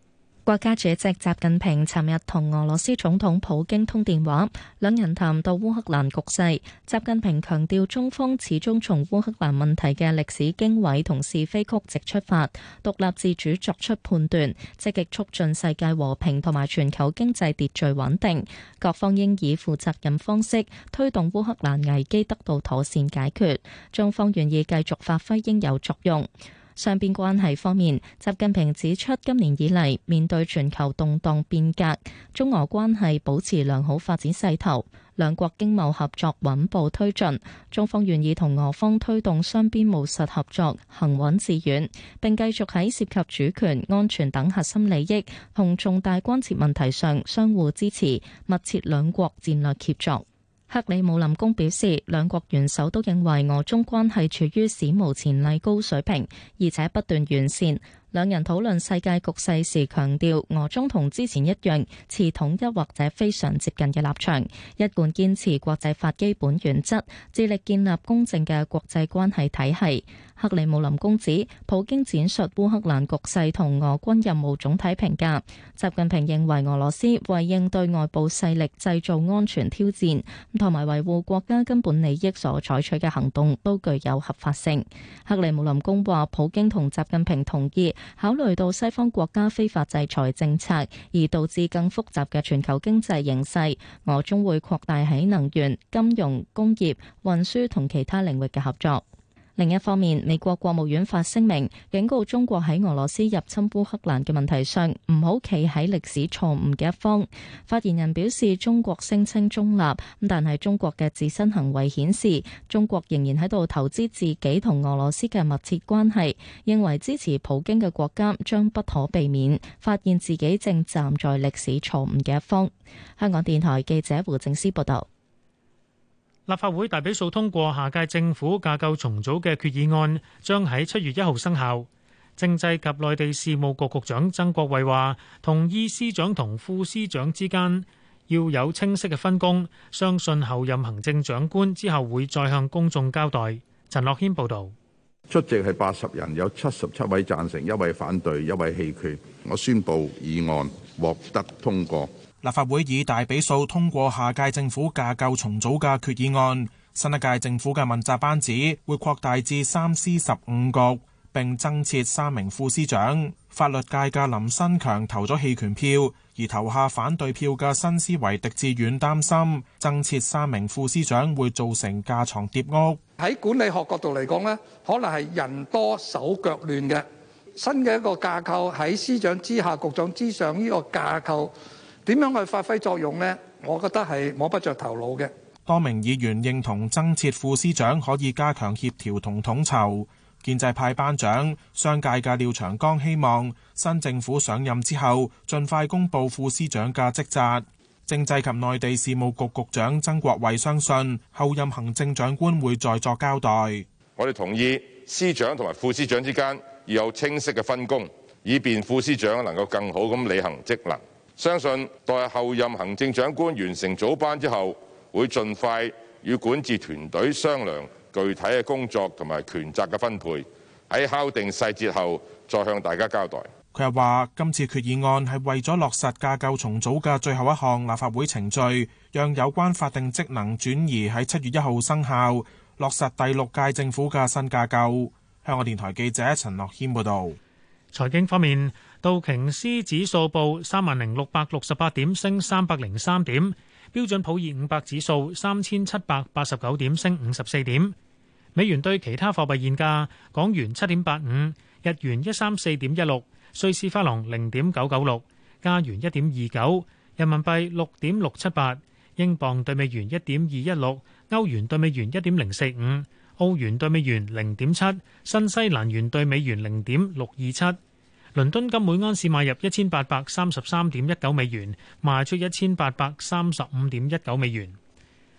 國家主席習近平尋日同俄羅斯總統普京通電話，兩人談到烏克蘭局勢。習近平強調，中方始終從烏克蘭問題嘅歷史經緯同是非曲直出發，獨立自主作出判斷，積極促進世界和平同埋全球經濟秩序穩定。各方應以負責任方式推動烏克蘭危機得到妥善解決。中方願意繼續發揮應有作用。雙邊關係方面，習近平指出，今年以嚟面對全球動盪變革，中俄關係保持良好發展勢頭，兩國經貿合作穩步推進。中方願意同俄方推動雙邊務實合作，行穩致遠，並繼續喺涉及主權、安全等核心利益同重大關切問題上相互支持，密切兩國戰略協作。克里姆林宮表示，兩國元首都認為俄中關係處於史無前例高水平，而且不斷完善。兩人討論世界局勢時，強調俄中同之前一樣持統一或者非常接近嘅立場，一貫堅持國際法基本原則，致力建立公正嘅國際關係體系。克里姆林宮指，普京闡述烏克蘭局勢同俄軍任務總體評價。習近平認為俄羅斯為應對外部勢力製造安全挑戰，同埋維護國家根本利益所採取嘅行動都具有合法性。克里姆林宮話，普京同習近平同意，考慮到西方國家非法制裁政策而導致更複雜嘅全球經濟形勢，俄中會擴大喺能源、金融、工業、運輸同其他領域嘅合作。另一方面，美國國務院發聲明警告中國喺俄羅斯入侵烏克蘭嘅問題上唔好企喺歷史錯誤嘅一方。發言人表示，中國聲稱中立，但係中國嘅自身行為顯示，中國仍然喺度投資自己同俄羅斯嘅密切關係，認為支持普京嘅國家將不可避免發現自己正站在歷史錯誤嘅一方。香港電台記者胡正思報道。立法會大比數通過下屆政府架構重組嘅決議案，將喺七月一號生效。政制及內地事務局局長曾國衛話，同意司長同副司長之間要有清晰嘅分工。相信候任行政長官之後會再向公眾交代。陳樂謙報道，出席係八十人，有七十七位讚成，一位反對，一位棄權。我宣布議案獲得通過。立法會以大比數通過下屆政府架構重組嘅決議案，新一屆政府嘅問責班子會擴大至三司十五局，並增設三名副司長。法律界嘅林新強投咗棄權票，而投下反對票嘅新思維狄志遠擔心增設三名副司長會造成架床疊屋。喺管理學角度嚟講，呢可能係人多手腳亂嘅。新嘅一個架構喺司長之下、局長之上，呢個架構，點樣去發揮作用呢？我覺得係摸不着頭腦嘅。多名議員認同增設副司長可以加強協調同統籌。建制派班長商界嘅廖長江希望新政府上任之後盡快公布副司長嘅職責。政制及內地事務局局，局長曾國衛相信後任行政長官會再作交代。我哋同意司長同埋副司長之間要有清晰嘅分工，以便副司長能夠更好咁履行職能。相信待候任行政長官完成組班之後，會盡快與管治團隊商量具體嘅工作同埋權責嘅分配，喺敲定細節後再向大家交代。佢又話今次決議案係為咗落實架構重組嘅最後一項立法會程序，讓有關法定職能轉移喺七月一號生效，落實第六屆政府嘅新架構。香港電台記者陳樂謙報道。財經方面。道瓊斯指數報三萬零六百六十八點，升三百零三點。標準普爾五百指數三千七百八十九點，升五十四點。美元對其他貨幣現價：港元七點八五，日元一三四點一六，瑞士法郎零點九九六，加元一點二九，人民幣六點六七八，英鎊對美元一點二一六，歐元對美元一點零四五，澳元對美元零點七，新西蘭元對美元零點六二七。倫敦金每盎司買入一千八百三十三點一九美元，賣出一千八百三十五點一九美元。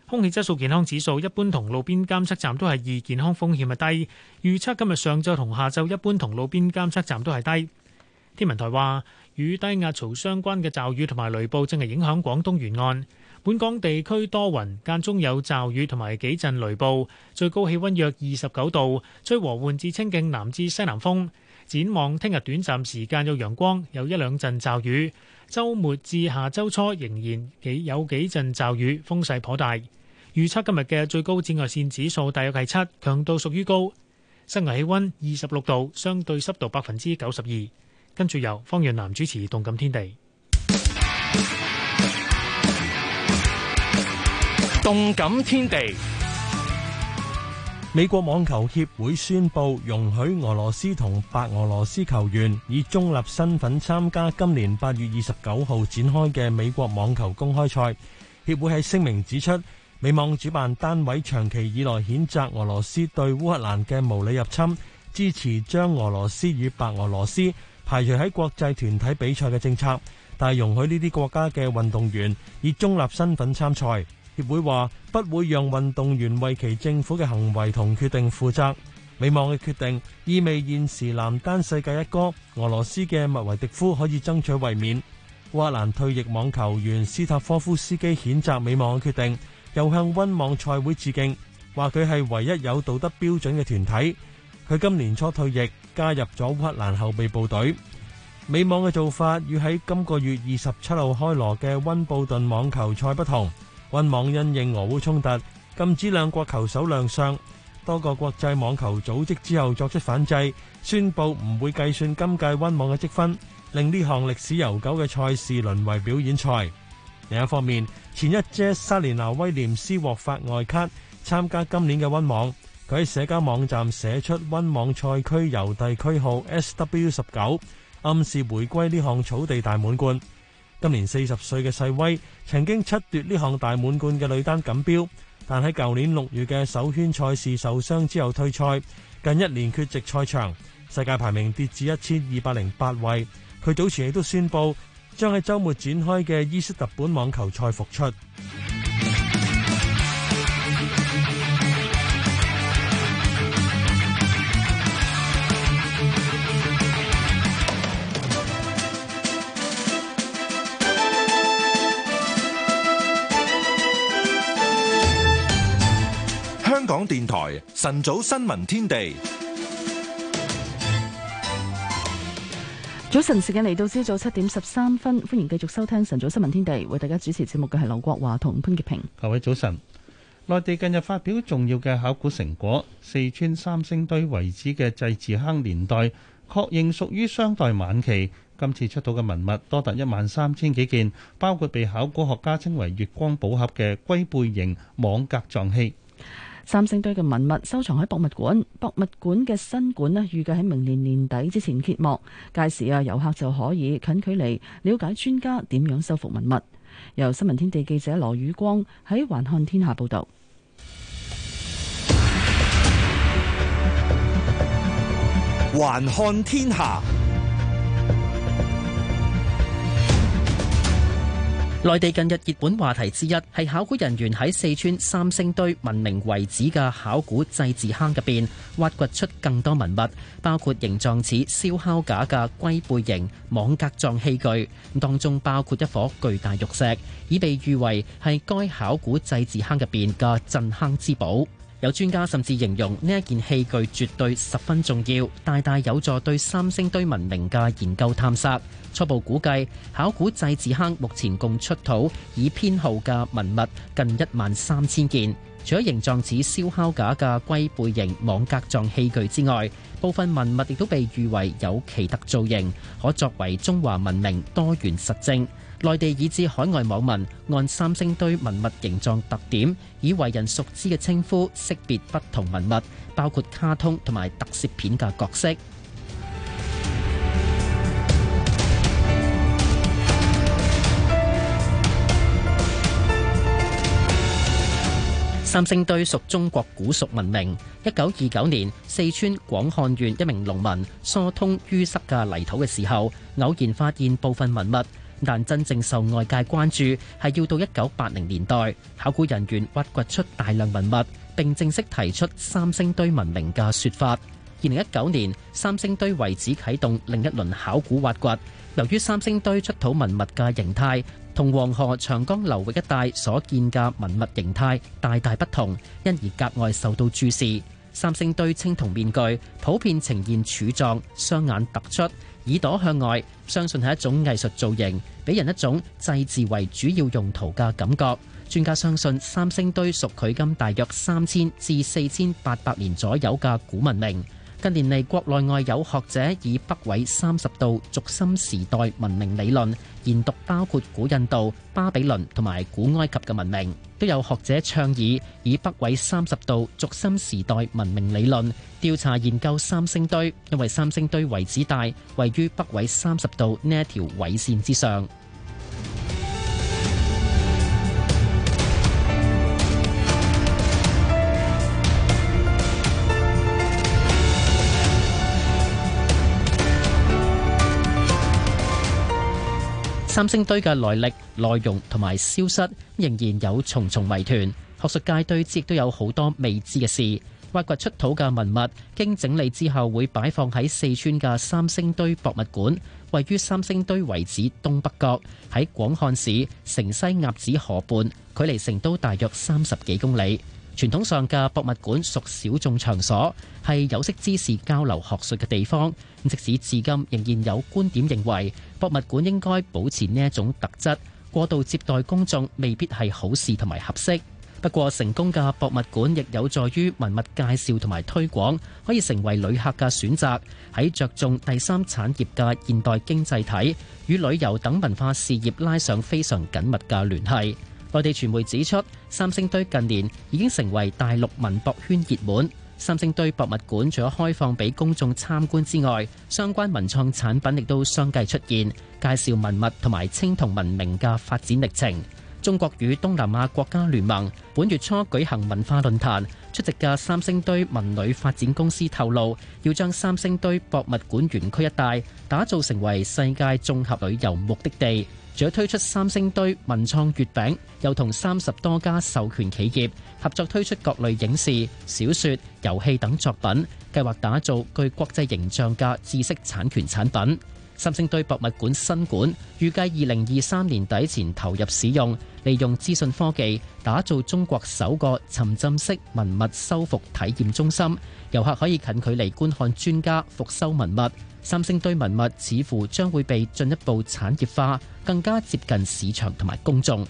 空氣質素健康指數一般，同路邊監測站都係二，健康風險係低。預測今日上晝同下晝一般，同路邊監測站都係低。天文台話，與低壓槽相關嘅驟雨同埋雷暴正係影響廣東沿岸，本港地區多雲，間中有驟雨同埋幾陣雷暴，最高氣温約二十九度，吹和緩至清勁南至西南風。展望聽日短暫時間有陽光，有一兩陣驟雨。周末至下周初仍然幾有幾陣驟雨，風勢頗大。預測今日嘅最高紫外線指數大約係七，強度屬於高。室外氣溫二十六度，相對濕度百分之九十二。跟住由方潤南主持《動感天地》。《動感天地》美國網球協會宣佈容許俄羅斯同白俄羅斯球員以中立身份參加今年八月二十九號展開嘅美國網球公開賽。協會喺聲明指出，美網主辦單位長期以來譴責俄羅斯對烏克蘭嘅無理入侵，支持將俄羅斯與白俄羅斯排除喺國際團體比賽嘅政策，但係容許呢啲國家嘅運動員以中立身份參賽。協會話不會讓運動員為其政府嘅行為同決定負責。美網嘅決定意味現時男單世界一哥俄羅斯嘅麥維迪夫可以爭取衛冕。烏克蘭退役網球員斯塔科夫斯基譴責美網嘅決定，又向溫網賽會致敬，話佢係唯一有道德標準嘅團體。佢今年初退役，加入咗烏克蘭後備部隊。美網嘅做法與喺今個月二十七號開鑼嘅溫布頓網球賽不同。溫網因應俄烏衝突禁止兩國球手亮相，多個國際網球組織之後作出反制，宣布唔會計算今屆溫網嘅積分，令呢項歷史悠久嘅賽事淪為表演賽。另一方面，前一姐沙蓮娜威廉斯獲發外卡參加今年嘅溫網，佢喺社交網站寫出溫網賽區郵遞區號 S.W. 十九，暗示回歸呢項草地大滿貫。今年四十歲嘅世威曾經七奪呢項大滿貫嘅女單錦標，但喺舊年六月嘅首圈賽事受傷之後退賽，近一年缺席賽場，世界排名跌至一千二百零八位。佢早前亦都宣布將喺周末展開嘅伊斯特本網球賽復出。電台晨早新聞天地，早晨時間嚟到，朝早七點十三分，歡迎繼續收聽晨早新聞天地。為大家主持節目嘅係劉國華同潘潔平。各位早晨，內地近日發表重要嘅考古成果，四川三星堆遺址嘅祭祀坑年代確認屬於商代晚期。今次出土嘅文物多達一萬三千幾件，包括被考古學家稱為“月光寶盒”嘅龜背形網格狀器。三星堆嘅文物收藏喺博物館，博物館嘅新館呢預計喺明年年底之前揭幕，屆時啊遊客就可以近距離了解專家點樣修復文物。由新聞天地記者羅宇光喺環看天下報道。環看天下。報內地近日熱門話題之一係考古人員喺四川三星堆文明遺址嘅考古祭祀坑入邊，挖掘出更多文物，包括形狀似燒烤架嘅龜背形網格狀器具，當中包括一顆巨大玉石，已被譽為係該考古祭祀坑入邊嘅鎮坑之寶。有專家甚至形容呢一件器具絕對十分重要，大大有助對三星堆文明嘅研究探索。初步估計，考古祭祀坑目前共出土以編號嘅文物近一萬三千件。除咗形狀似燒烤架嘅龜背形網格狀器具之外，部分文物亦都被譽為有奇特造型，可作為中華文明多元實證。內地以至海外網民按三星堆文物形狀特點，以為人熟知嘅稱呼識別不同文物，包括卡通同埋特攝片嘅角色。三星堆屬中國古蜀文明。一九二九年，四川廣漢縣一名農民疏通淤塞嘅泥土嘅時候，偶然發現部分文物。但真正受外界關注係要到一九八零年代，考古人員挖掘出大量文物，並正式提出三星堆文明嘅說法。二零一九年，三星堆遺址啟動另一輪考古挖掘。由於三星堆出土文物嘅形態同黃河、長江流域一帶所見嘅文物形態大大不同，因而格外受到注視。三星堆青銅面具普遍呈現柱狀，雙眼突出。耳朵向外，相信係一種藝術造型，俾人一種祭祀為主要用途嘅感覺。專家相信三星堆屬距今大約三千至四千八百年左右嘅古文明。近年嚟，國內外有學者以北緯三十度軸心時代文明理論研讀包括古印度、巴比倫同埋古埃及嘅文明。都有學者倡議，以北緯三十度軸心時代文明理論調查研究三星堆，因為三星堆位置大，位於北緯三十度呢一條緯線之上。三星堆嘅來歷、內容同埋消失，仍然有重重謎團。學術界對此都有好多未知嘅事。挖掘出土嘅文物，經整理之後會擺放喺四川嘅三星堆博物館，位於三星堆遺址東北角，喺廣漢市城西鴨子河畔，距離成都大約三十幾公里。傳統上嘅博物館屬小眾場所，係有識之士交流學術嘅地方。即使至今仍然有觀點認為博物館應該保持呢一種特質，過度接待公眾未必係好事同埋合適。不過成功嘅博物館亦有助於文物介紹同埋推廣，可以成為旅客嘅選擇。喺着重第三產業嘅現代經濟體，與旅遊等文化事業拉上非常緊密嘅聯繫。內地傳媒指出，三星堆近年已經成為大陸文博圈熱門。三星堆博物館除咗開放俾公眾參觀之外，相關文創產品亦都相繼出現，介紹文物同埋青銅文明嘅發展歷程。中國與東南亞國家聯盟本月初舉行文化論壇，出席嘅三星堆文旅發展公司透露，要將三星堆博物館園區一帶，打造成為世界綜合旅遊目的地。仲推出三星堆文創月餅，又同三十多家授權企業合作推出各類影視、小說、遊戲等作品，計劃打造具國際形象嘅知識產權產品。三星堆博物館新館預計二零二三年底前投入使用，利用資訊科技打造中國首個沉浸式文物修復體驗中心,遊客可以近距離觀看專家復修文物。三星堆文物似乎將會被進一步產業化，更加接近市場同埋公眾。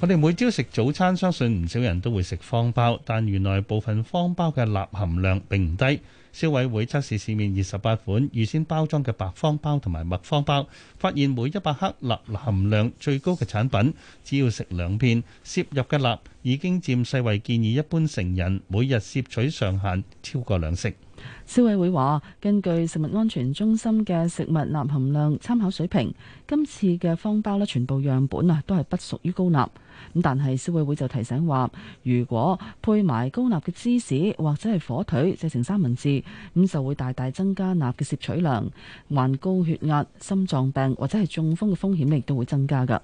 我哋每朝食早餐，相信唔少人都會食方包，但原來部分方包嘅鈉含量並唔低。消委會測試市面二十八款預先包裝嘅白方包同埋麥方包，發現每一百克鈉含量最高嘅產品，只要食兩片，攝入嘅鈉已經佔世衛建議一般成人每日攝取上限超過兩成。消委會話，根據食物安全中心嘅食物鈉含量參考水平，今次嘅方包咧，全部樣本啊都係不屬於高鈉。咁但係消委會就提醒話，如果配埋高鈉嘅芝士或者係火腿製成三文治，咁就會大大增加鈉嘅攝取量，患高血壓、心臟病或者係中風嘅風險咧亦都會增加噶。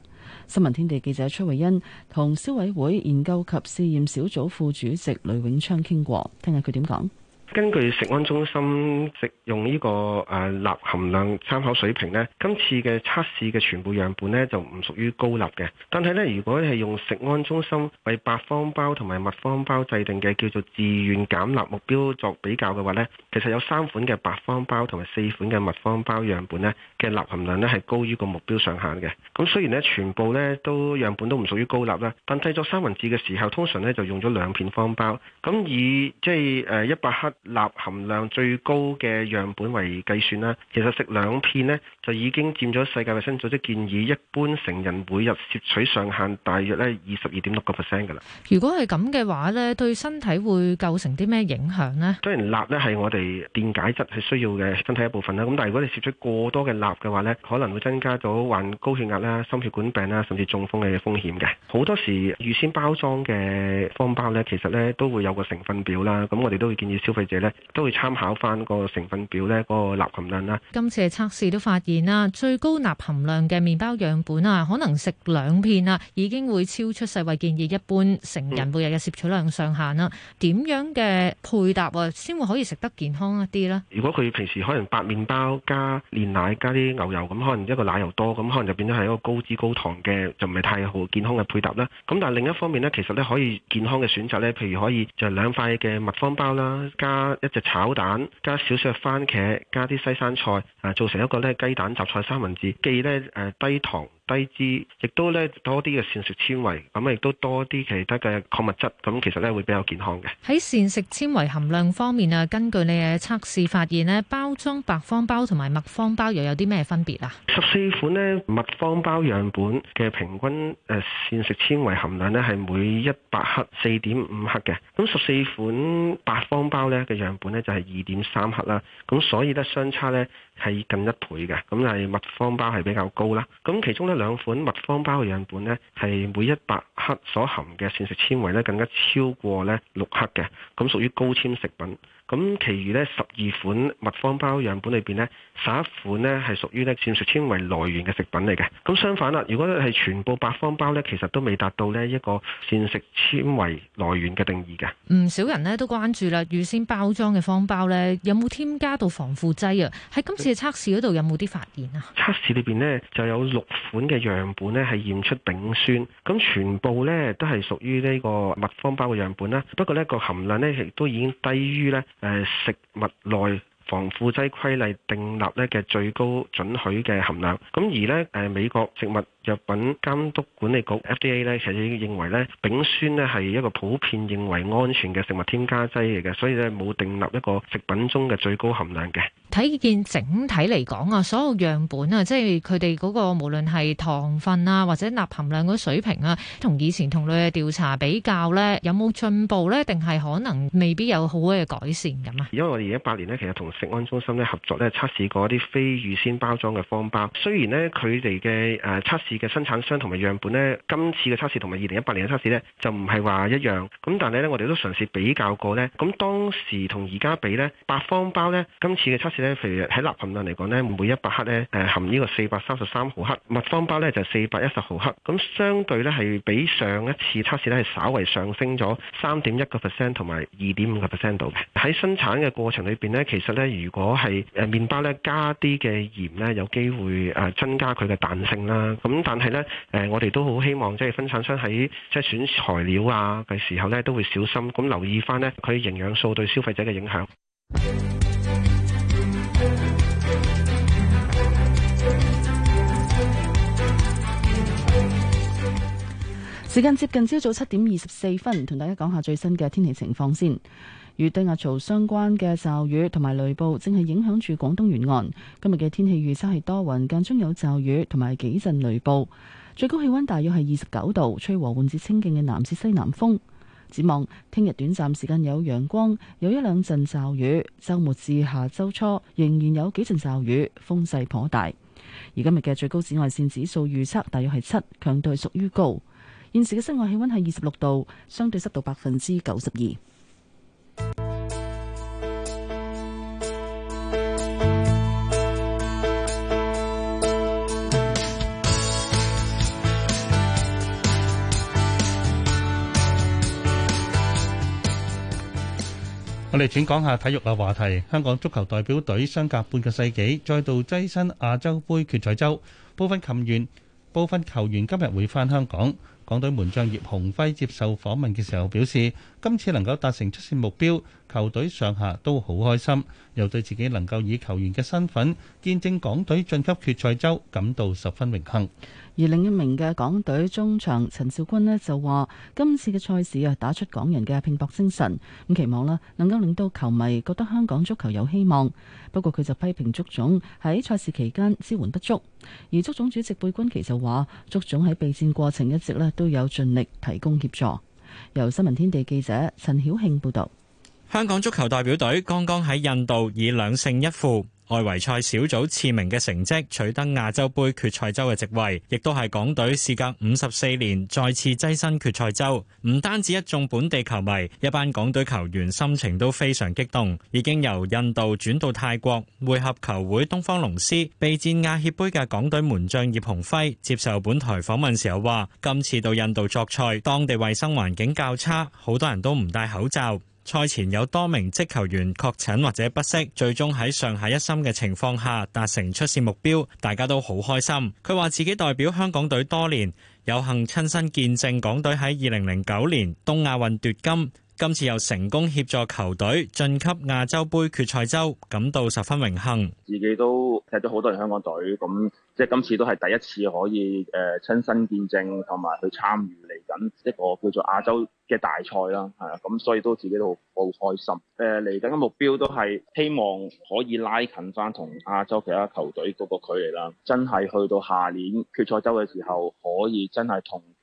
新聞天地記者崔慧欣同消委會研究及試驗小組副主席呂永昌傾過，聽下佢點講？根據食安中心用呢個誒鈉、啊、含量參考水平呢，今次嘅測試嘅全部樣本呢就唔屬於高鈉嘅。但係呢，如果係用食安中心為白方包同埋麥方包制定嘅叫做自願減鈉目標作比較嘅話呢，其實有三款嘅白方包同埋四款嘅麥方包樣本呢嘅鈉含量呢係高於個目標上限嘅。咁雖然呢，全部呢都樣本都唔屬於高鈉啦，但製作三文治嘅時候通常呢就用咗兩片方包。咁以即係一百克。鈉含量最高嘅樣本為計算啦，其實食兩片咧。就已經佔咗世界衞生組織建議一般成人每日攝取上限大約咧二十二點六個 percent 㗎喇。如果係咁嘅話咧，對身體會構成啲咩影響呢？當然，鈉咧係我哋電解質係需要嘅身體一部分啦。咁但係如果你攝取過多嘅鈉嘅話咧，可能會增加到患高血壓啦、心血管病啦，甚至中風嘅風險嘅。好多時預先包裝嘅方包咧，其實咧都會有個成分表啦。咁我哋都會建議消費者咧，都會參考翻嗰個成分表咧，嗰個鈉含量啦。今次嘅測試都發現，然最高鈉含量嘅麵包樣本啊，可能食兩片啊，已經會超出世衞建議一般成人每日嘅攝取量上限啦。點樣嘅配搭啊，先會可以食得健康一啲呢？如果佢平時可能白麵包加煉奶加啲牛油咁，可能一個奶油多咁，可能就變咗係一個高脂高糖嘅，就唔係太好健康嘅配搭啦。咁但係另一方面呢，其實咧可以健康嘅選擇咧，譬如可以就係兩塊嘅麥方包啦，加一隻炒蛋，加少少番茄，加啲西生菜啊，做成一個咧雞。揀雜菜三文治，記得誒低糖。 低脂，亦都咧多啲嘅膳食纖維，咁亦都多啲其他嘅礦物質，咁其實咧會比較健康嘅。喺膳食纖維含量方面啊，根據你嘅測試發現呢，包裝白方包同埋麥方包又有啲咩分別啊？十四款呢麥方包樣本嘅平均誒膳食纖維含量咧係每一百克四點五克嘅，咁十四款白方包咧嘅樣本呢就係二點三克啦，咁所以咧相差咧係近一倍嘅，咁係麥方包係比較高啦，咁其中咧。兩款麥方包嘅樣本咧，係每一百克所含嘅膳食纖維咧，更加超過咧六克嘅，咁屬於高纖食品。咁，其餘呢十二款麥方包樣本裏邊呢，十一款呢係屬於呢膳食纖維來源嘅食品嚟嘅。咁相反啦，如果係全部白方包呢，其實都未達到呢一個膳食纖維來源嘅定義嘅。唔少人呢都關注啦，預先包裝嘅方包呢，有冇添加到防腐劑啊？喺今次嘅測試嗰度有冇啲發現啊？測試裏邊呢就有六款嘅樣本呢係驗出丙酸，咁全部呢都係屬於呢個麥方包嘅樣本啦。不過呢個含量呢，亦都已經低於呢。誒食物內防腐劑規例訂立咧嘅最高準許嘅含量，咁而呢，誒美國食物藥品監督管理局 FDA 呢，其實已經認為呢丙酸呢係一個普遍認為安全嘅食物添加劑嚟嘅，所以呢，冇訂立一個食品中嘅最高含量嘅。睇見整體嚟講啊，所有樣本啊，即係佢哋嗰個無論係糖分啊或者鈉含量嗰水平啊，同以前同類嘅調查比較呢，有冇進步呢？定係可能未必有好嘅改善咁啊？因為我哋一八年呢，其實同食安中心咧合作咧測試過一啲非預先包裝嘅方包。雖然呢，佢哋嘅誒測試嘅生產商同埋樣本呢，今次嘅測試同埋二零一八年嘅測試呢，就唔係話一樣。咁但係呢，我哋都嘗試比較過呢。咁當時同而家比呢，八方包呢，今次嘅測試。咧，譬如喺鈉含量嚟講咧，每一百克咧，誒含呢個四百三十三毫克，麥方包咧就四百一十毫克，咁相對咧係比上一次測試咧係稍微上升咗三點一個 percent 同埋二點五個 percent 度嘅。喺生產嘅過程裏邊咧，其實咧如果係誒麵包咧加啲嘅鹽咧，有機會誒增加佢嘅彈性啦。咁但係咧，誒我哋都好希望即係生產商喺即係選材料啊嘅時候咧都會小心咁留意翻咧佢營養素對消費者嘅影響。時間接近朝早七點二十四分，同大家講下最新嘅天氣情況先。與低壓槽相關嘅驟雨同埋雷暴正係影響住廣東沿岸。今日嘅天氣預測係多雲，間中有驟雨同埋幾陣雷暴。最高氣温大約係二十九度，吹和緩至清勁嘅南至西南風。展望聽日短暫時間有陽光，有一兩陣驟雨。周末至下周初仍然有幾陣驟雨，風勢頗大。而今日嘅最高紫外線指數預測大約係七，強度係屬於高。現時嘅室外氣溫係二十六度，相對濕度百分之九十二。我哋轉講下體育嘅話題。香港足球代表隊相隔半個世紀再度躋身亞洲盃決賽周，部分球員、部分球員今日會返香港。港隊門將葉鴻輝接受訪問嘅時候表示，今次能夠達成出線目標，球隊上下都好開心，又對自己能夠以球員嘅身份見證港隊晉級決賽周感到十分榮幸。而另一名嘅港隊中場陳兆君呢，就話：今次嘅賽事啊，打出港人嘅拼搏精神，咁期望啦，能夠令到球迷覺得香港足球有希望。不過佢就批評足總喺賽事期間支援不足，而足總主席貝君奇就話：足總喺備戰過程一直咧都有盡力提供協助。由新聞天地記者陳曉慶報道。香港足球代表隊剛剛喺印度以兩勝一負，外圍賽小組次名嘅成績，取得亞洲盃決賽週嘅席位，亦都係港隊事隔五十四年再次躋身決賽週。唔單止一眾本地球迷，一班港隊球員心情都非常激動。已經由印度轉到泰國會合球會東方龍獅，備戰亞協杯嘅港隊門將葉鴻輝接受本台訪問時候話：今次到印度作賽，當地衛生環境較差，好多人都唔戴口罩。賽前有多名職球員確診或者不適，最終喺上下一心嘅情況下達成出線目標，大家都好開心。佢話自己代表香港隊多年，有幸親身見證港隊喺二零零九年東亞運奪金，今次又成功協助球隊晉級亞洲杯決賽周，感到十分榮幸。自己都踢咗好多人香港隊，咁即係今次都係第一次可以誒親身見證同埋去參與。緊一個叫做亞洲嘅大賽啦，係啊，咁所以都自己都好開心。誒、呃，嚟緊嘅目標都係希望可以拉近翻同亞洲其他球隊嗰個距離啦。真係去到下年決賽周嘅時候，可以真係同。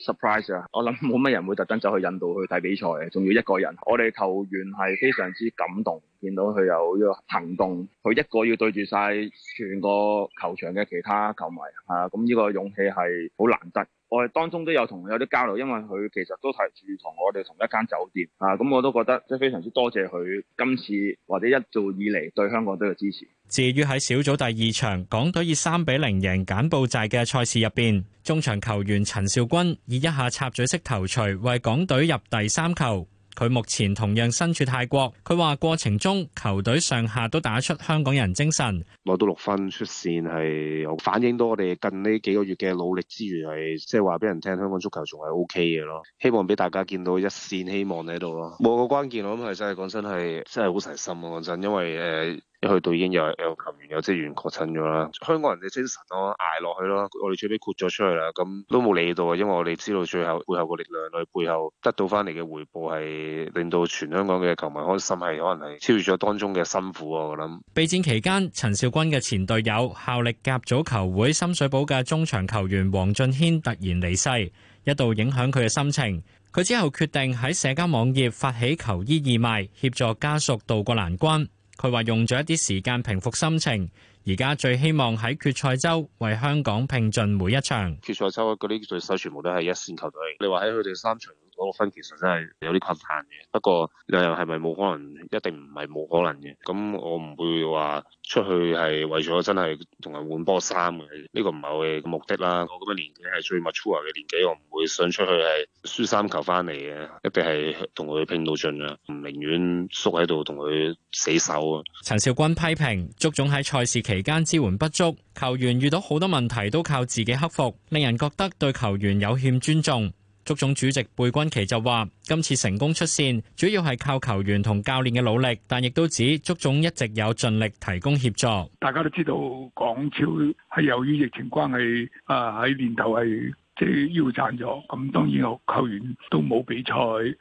Surprise 啊！我諗冇乜人會特登走去印度去睇比賽，仲要一個人。我哋球員係非常之感動，見到佢有呢個行動，佢一個要對住晒全個球場嘅其他球迷，啊，咁呢個勇氣係好難得。我哋當中都有同佢有啲交流，因為佢其實都係住同我哋同一間酒店嚇，咁、啊、我都覺得即係非常之多謝佢今次或者一造以嚟對香港都有支持。至於喺小組第二場，港隊以三比零贏柬埔寨嘅賽事入邊，中場球員陳肇鈞以一下插嘴式頭槌為港隊入第三球。佢目前同樣身處泰國，佢話過程中球隊上下都打出香港人精神，攞到六分出線係反映到我哋近呢幾個月嘅努力之餘，係即係話俾人聽香港足球仲係 OK 嘅咯，希望俾大家見到一線希望喺度咯。冇個關鍵，我諗係真係講真係真係好齊心咯，講真，因為誒。呃一去到已經有有球員有職員確診咗啦。香港人嘅精神咯，啊，捱落去咯。我哋最尾豁咗出去啦，咁都冇理到啊。因為我哋知道最後背後嘅力量，佢背後得到翻嚟嘅回報係令到全香港嘅球迷開心，係可能係超越咗當中嘅辛苦啊。我諗備戰期間，陳少君嘅前隊友效力甲組球會深水埗嘅中場球員黃俊軒突然離世，一度影響佢嘅心情。佢之後決定喺社交網頁發起球衣義賣，協助家屬渡過難關。佢話用咗一啲時間平復心情，而家最希望喺決賽周為香港拼盡每一場。決賽周嗰啲對手全部都係一線球隊，你話喺佢哋三場。嗰個分其實真係有啲困難嘅，不過又係咪冇可能？一定唔係冇可能嘅。咁我唔會話出去係為咗真係同人換波衫嘅，呢個唔係我嘅目的啦。我咁嘅年紀係最 mature 嘅年紀，我唔會想出去係輸三球翻嚟嘅，一定係同佢拼到盡啊！唔寧願縮喺度同佢死守啊！陳少君批評，足總喺賽事期間支援不足，球員遇到好多問題都靠自己克服，令人覺得對球員有欠尊重。足總主席貝君奇就話：今次成功出線，主要係靠球員同教練嘅努力，但亦都指足總一直有盡力提供協助。大家都知道，港超係由於疫情關係，啊喺年頭係即係腰斬咗，咁當然球員都冇比賽，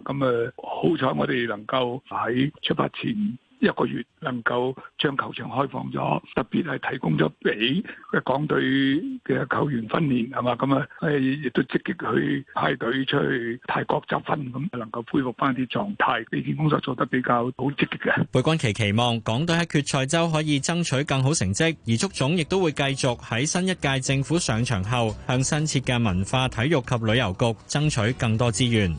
咁啊好彩我哋能夠喺出發前。一個月能夠將球場開放咗，特別係提供咗俾港隊嘅球員訓練係嘛，咁啊係亦都積極去派隊出去泰國集訓，咁能夠恢復翻啲狀態，備戰工作做得比較好積極嘅。貝鈞奇期望港隊喺決賽周可以爭取更好成績，而足總亦都會繼續喺新一屆政府上場後，向新設嘅文化、體育及旅遊局爭取更多資源。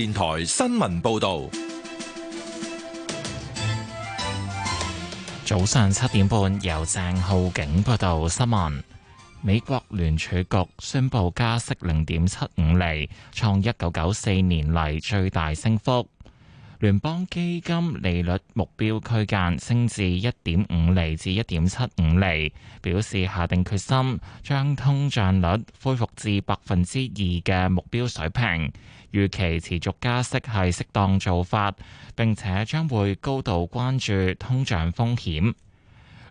電台新聞報道：早上七點半，由鄭浩景報道新聞。美國聯儲局宣佈加息零點七五厘，創一九九四年嚟最大升幅。聯邦基金利率目標區間升至一點五厘至一點七五厘，表示下定決心將通脹率恢復至百分之二嘅目標水平。預期持續加息係適當做法，並且將會高度關注通脹風險。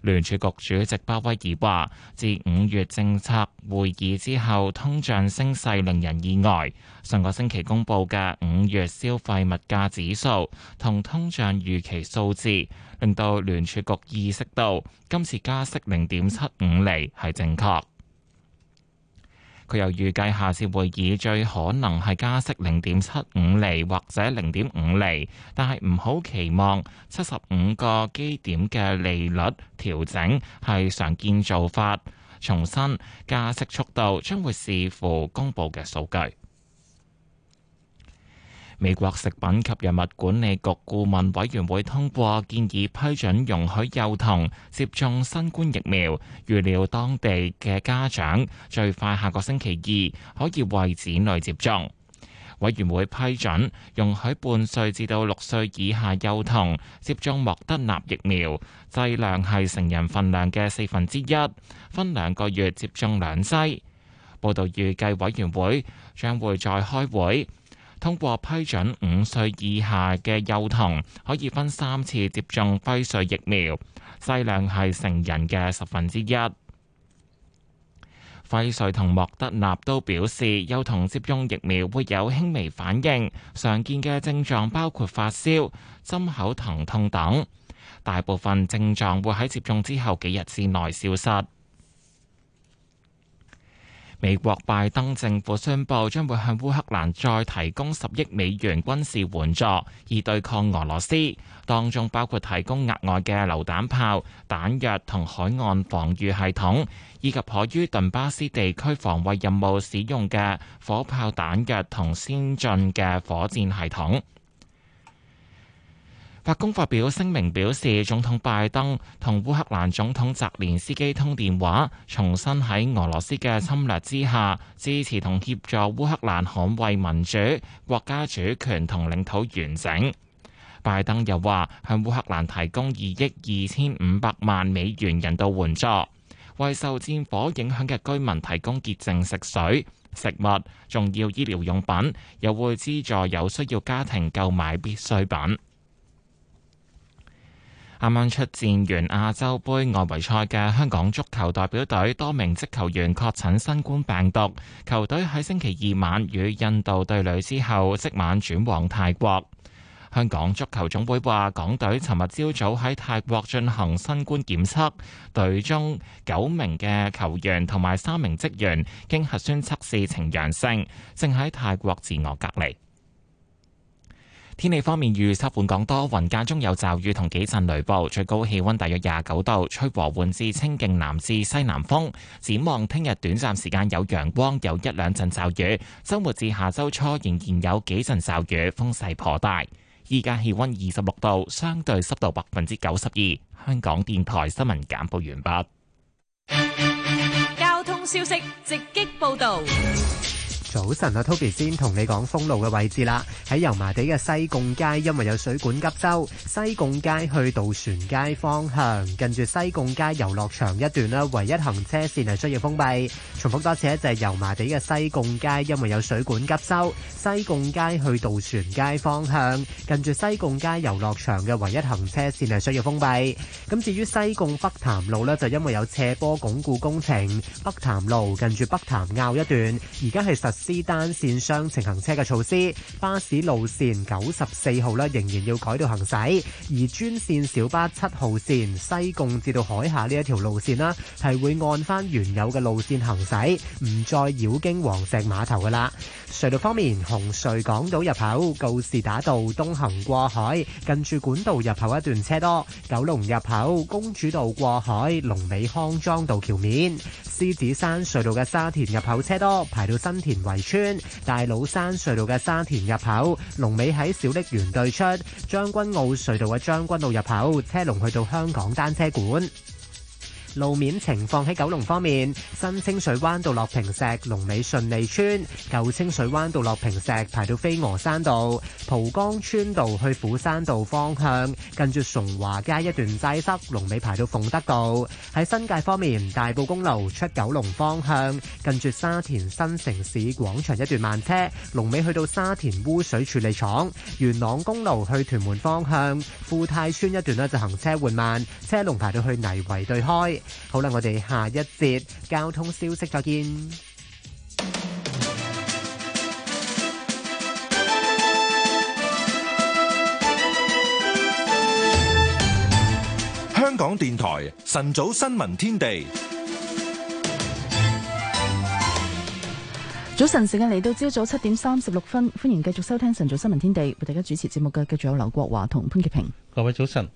聯儲局主席鮑威爾話，自五月政策會議之後，通脹升勢令人意外。上個星期公佈嘅五月消費物價指數同通脹預期數字，令到聯儲局意識到今次加息零點七五厘係正確。佢又預計下次會議最可能係加息零點七五厘或者零點五厘，但係唔好期望七十五個基點嘅利率調整係常見做法。重申，加息速度將會視乎公佈嘅數據。美國食品及藥物管理局顧問委員會通過建議批准容許幼童接種新冠疫苗，預料當地嘅家長最快下個星期二可以為子女接種。委員會批准容許半歲至到六歲以下幼童接種莫德納疫苗，劑量係成人份量嘅四分之一，分兩個月接種兩劑。報道預計委員會將會再開會。通過批准五歲以下嘅幼童可以分三次接種輝瑞疫苗，劑量係成人嘅十分之一。輝瑞同莫德納都表示，幼童接種疫苗會有輕微反應，常見嘅症狀包括發燒、針口疼痛等，大部分症狀會喺接種之後幾日之內消失。美國拜登政府宣布將會向烏克蘭再提供十億美元軍事援助，以對抗俄羅斯。當中包括提供額外嘅榴彈炮、彈藥同海岸防禦系統，以及可於頓巴斯地區防衛任務使用嘅火炮彈藥同先進嘅火箭系統。白宮發表聲明，表示總統拜登同烏克蘭總統澤連斯基通電話，重申喺俄羅斯嘅侵略之下，支持同協助烏克蘭捍衛民主、國家主權同領土完整。拜登又話向烏克蘭提供二億二千五百萬美元人道援助，為受戰火影響嘅居民提供潔淨食水、食物、重要醫療用品，又會資助有需要家庭購買必需品。啱啱出戰完亞洲盃外圍賽嘅香港足球代表隊多名職球員確診新冠病毒，球隊喺星期二晚與印度對壘之後，即晚轉往泰國。香港足球總會話，港隊尋日朝早喺泰國進行新冠檢測，隊中九名嘅球員同埋三名職員經核酸測試呈陽性，正喺泰國自我隔離。天氣方面預測，本港多雲間中有驟雨同幾陣雷暴，最高氣溫大約廿九度，吹和緩至清勁南至西南風。展望聽日短暫時間有陽光，有一兩陣驟雨。周末至下周初仍然有幾陣驟雨，風勢頗大。依家氣溫二十六度，相對濕度百分之九十二。香港電台新聞簡報完畢。交通消息直擊報道。早晨啊，Toby 先同你講封路嘅位置啦。喺油麻地嘅西貢街，因為有水管急修，西貢街去渡船街方向，近住西貢街遊樂場一段咧，唯一行車線係需要封閉。重複多次咧，就係油麻地嘅西貢街，因為有水管急修，西貢街去渡船街方向，近住西貢街遊樂場嘅唯一行車線係需要封閉。咁至於西貢北潭路咧，就因為有斜坡鞏固工程，北潭路近住北潭坳一段，而家係實施單線雙程行車嘅措施，巴士路線九十四號啦，仍然要改道行駛；而專線小巴七號線西貢至到海下呢一條路線啦，係會按返原有嘅路線行駛，唔再繞經黃石碼頭㗎喇。隧道方面，紅隧港島入口告士打道東行過海，近住管道入口一段車多；九龍入口公主道過海，龍尾康莊道橋面，獅子山隧道嘅沙田入口車多，排到新田。圍村、大老山隧道嘅沙田入口、龍尾喺小瀝源對出、將軍澳隧道嘅將軍澳入口，車龍去到香港單車館。路面情況喺九龍方面，新清水灣到樂平石、龍尾順利村；舊清水灣到樂平石排到飛鵝山道、蒲崗村道去斧山道方向，近住崇華街一段擠塞，龍尾排到鳳德道。喺新界方面，大埔公路出九龍方向，近住沙田新城市廣場一段慢車，龍尾去到沙田污水處理廠。元朗公路去屯門方向，富泰村一段咧就行車緩慢，車龍排到去泥圍對開。好啦，我哋下一節交通消息再見。香港電台晨早新聞天地，早晨時間嚟到朝早七點三十六分，歡迎繼續收聽晨早新聞天地，為大家主持節目嘅繼續有劉國華同潘潔平。各位早晨。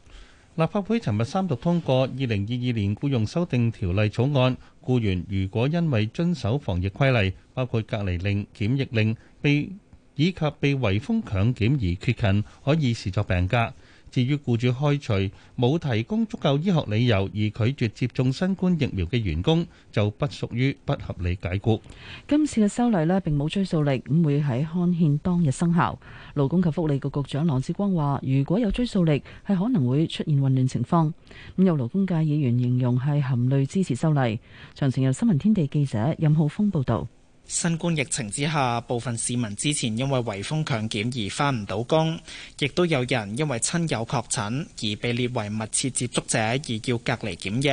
立法會尋日三讀通過《二零二二年僱傭修訂條例草案》，僱員如果因為遵守防疫規例，包括隔離令、檢疫令，被以及被圍封強檢而缺勤，可以視作病假。至於僱主開除冇提供足夠醫學理由而拒絕接種新冠疫苗嘅員工，就不屬於不合理解僱。今次嘅修例呢並冇追溯力，唔會喺刊憲當日生效。勞工及福利局局長羅致光話：如果有追溯力，係可能會出現混亂情況。咁有勞工界議員形容係含淚支持修例。詳情由新聞天地記者任浩峯報導。新冠疫情之下，部分市民之前因為圍封強檢而返唔到工，亦都有人因為親友確診而被列為密切接觸者而要隔離檢疫。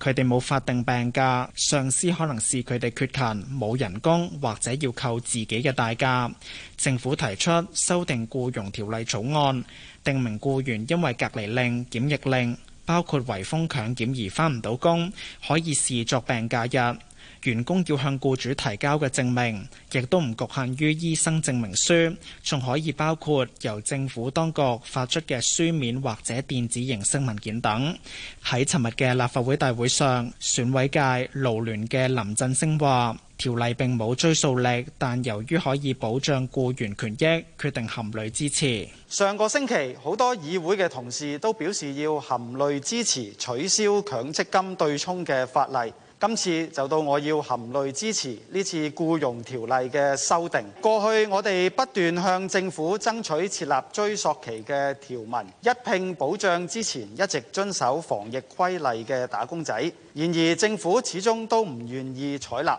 佢哋冇法定病假，上司可能視佢哋缺勤，冇人工，或者要扣自己嘅大假。政府提出修訂僱傭條例草案，訂明僱員因為隔離令、檢疫令，包括圍封強檢而返唔到工，可以視作病假日。員工要向僱主提交嘅證明，亦都唔局限於醫生證明書，仲可以包括由政府當局發出嘅書面或者電子形式文件等。喺尋日嘅立法會大會上，選委界勞聯嘅林振昇話：條例並冇追溯力，但由於可以保障僱員權益，決定含淚支持。上個星期，好多議會嘅同事都表示要含淚支持取消強積金對沖嘅法例。今次就到我要含淚支持呢次僱傭條例嘅修訂。過去我哋不斷向政府爭取設立追溯期嘅條文，一拼保障之前一直遵守防疫規例嘅打工仔，然而政府始終都唔願意採納。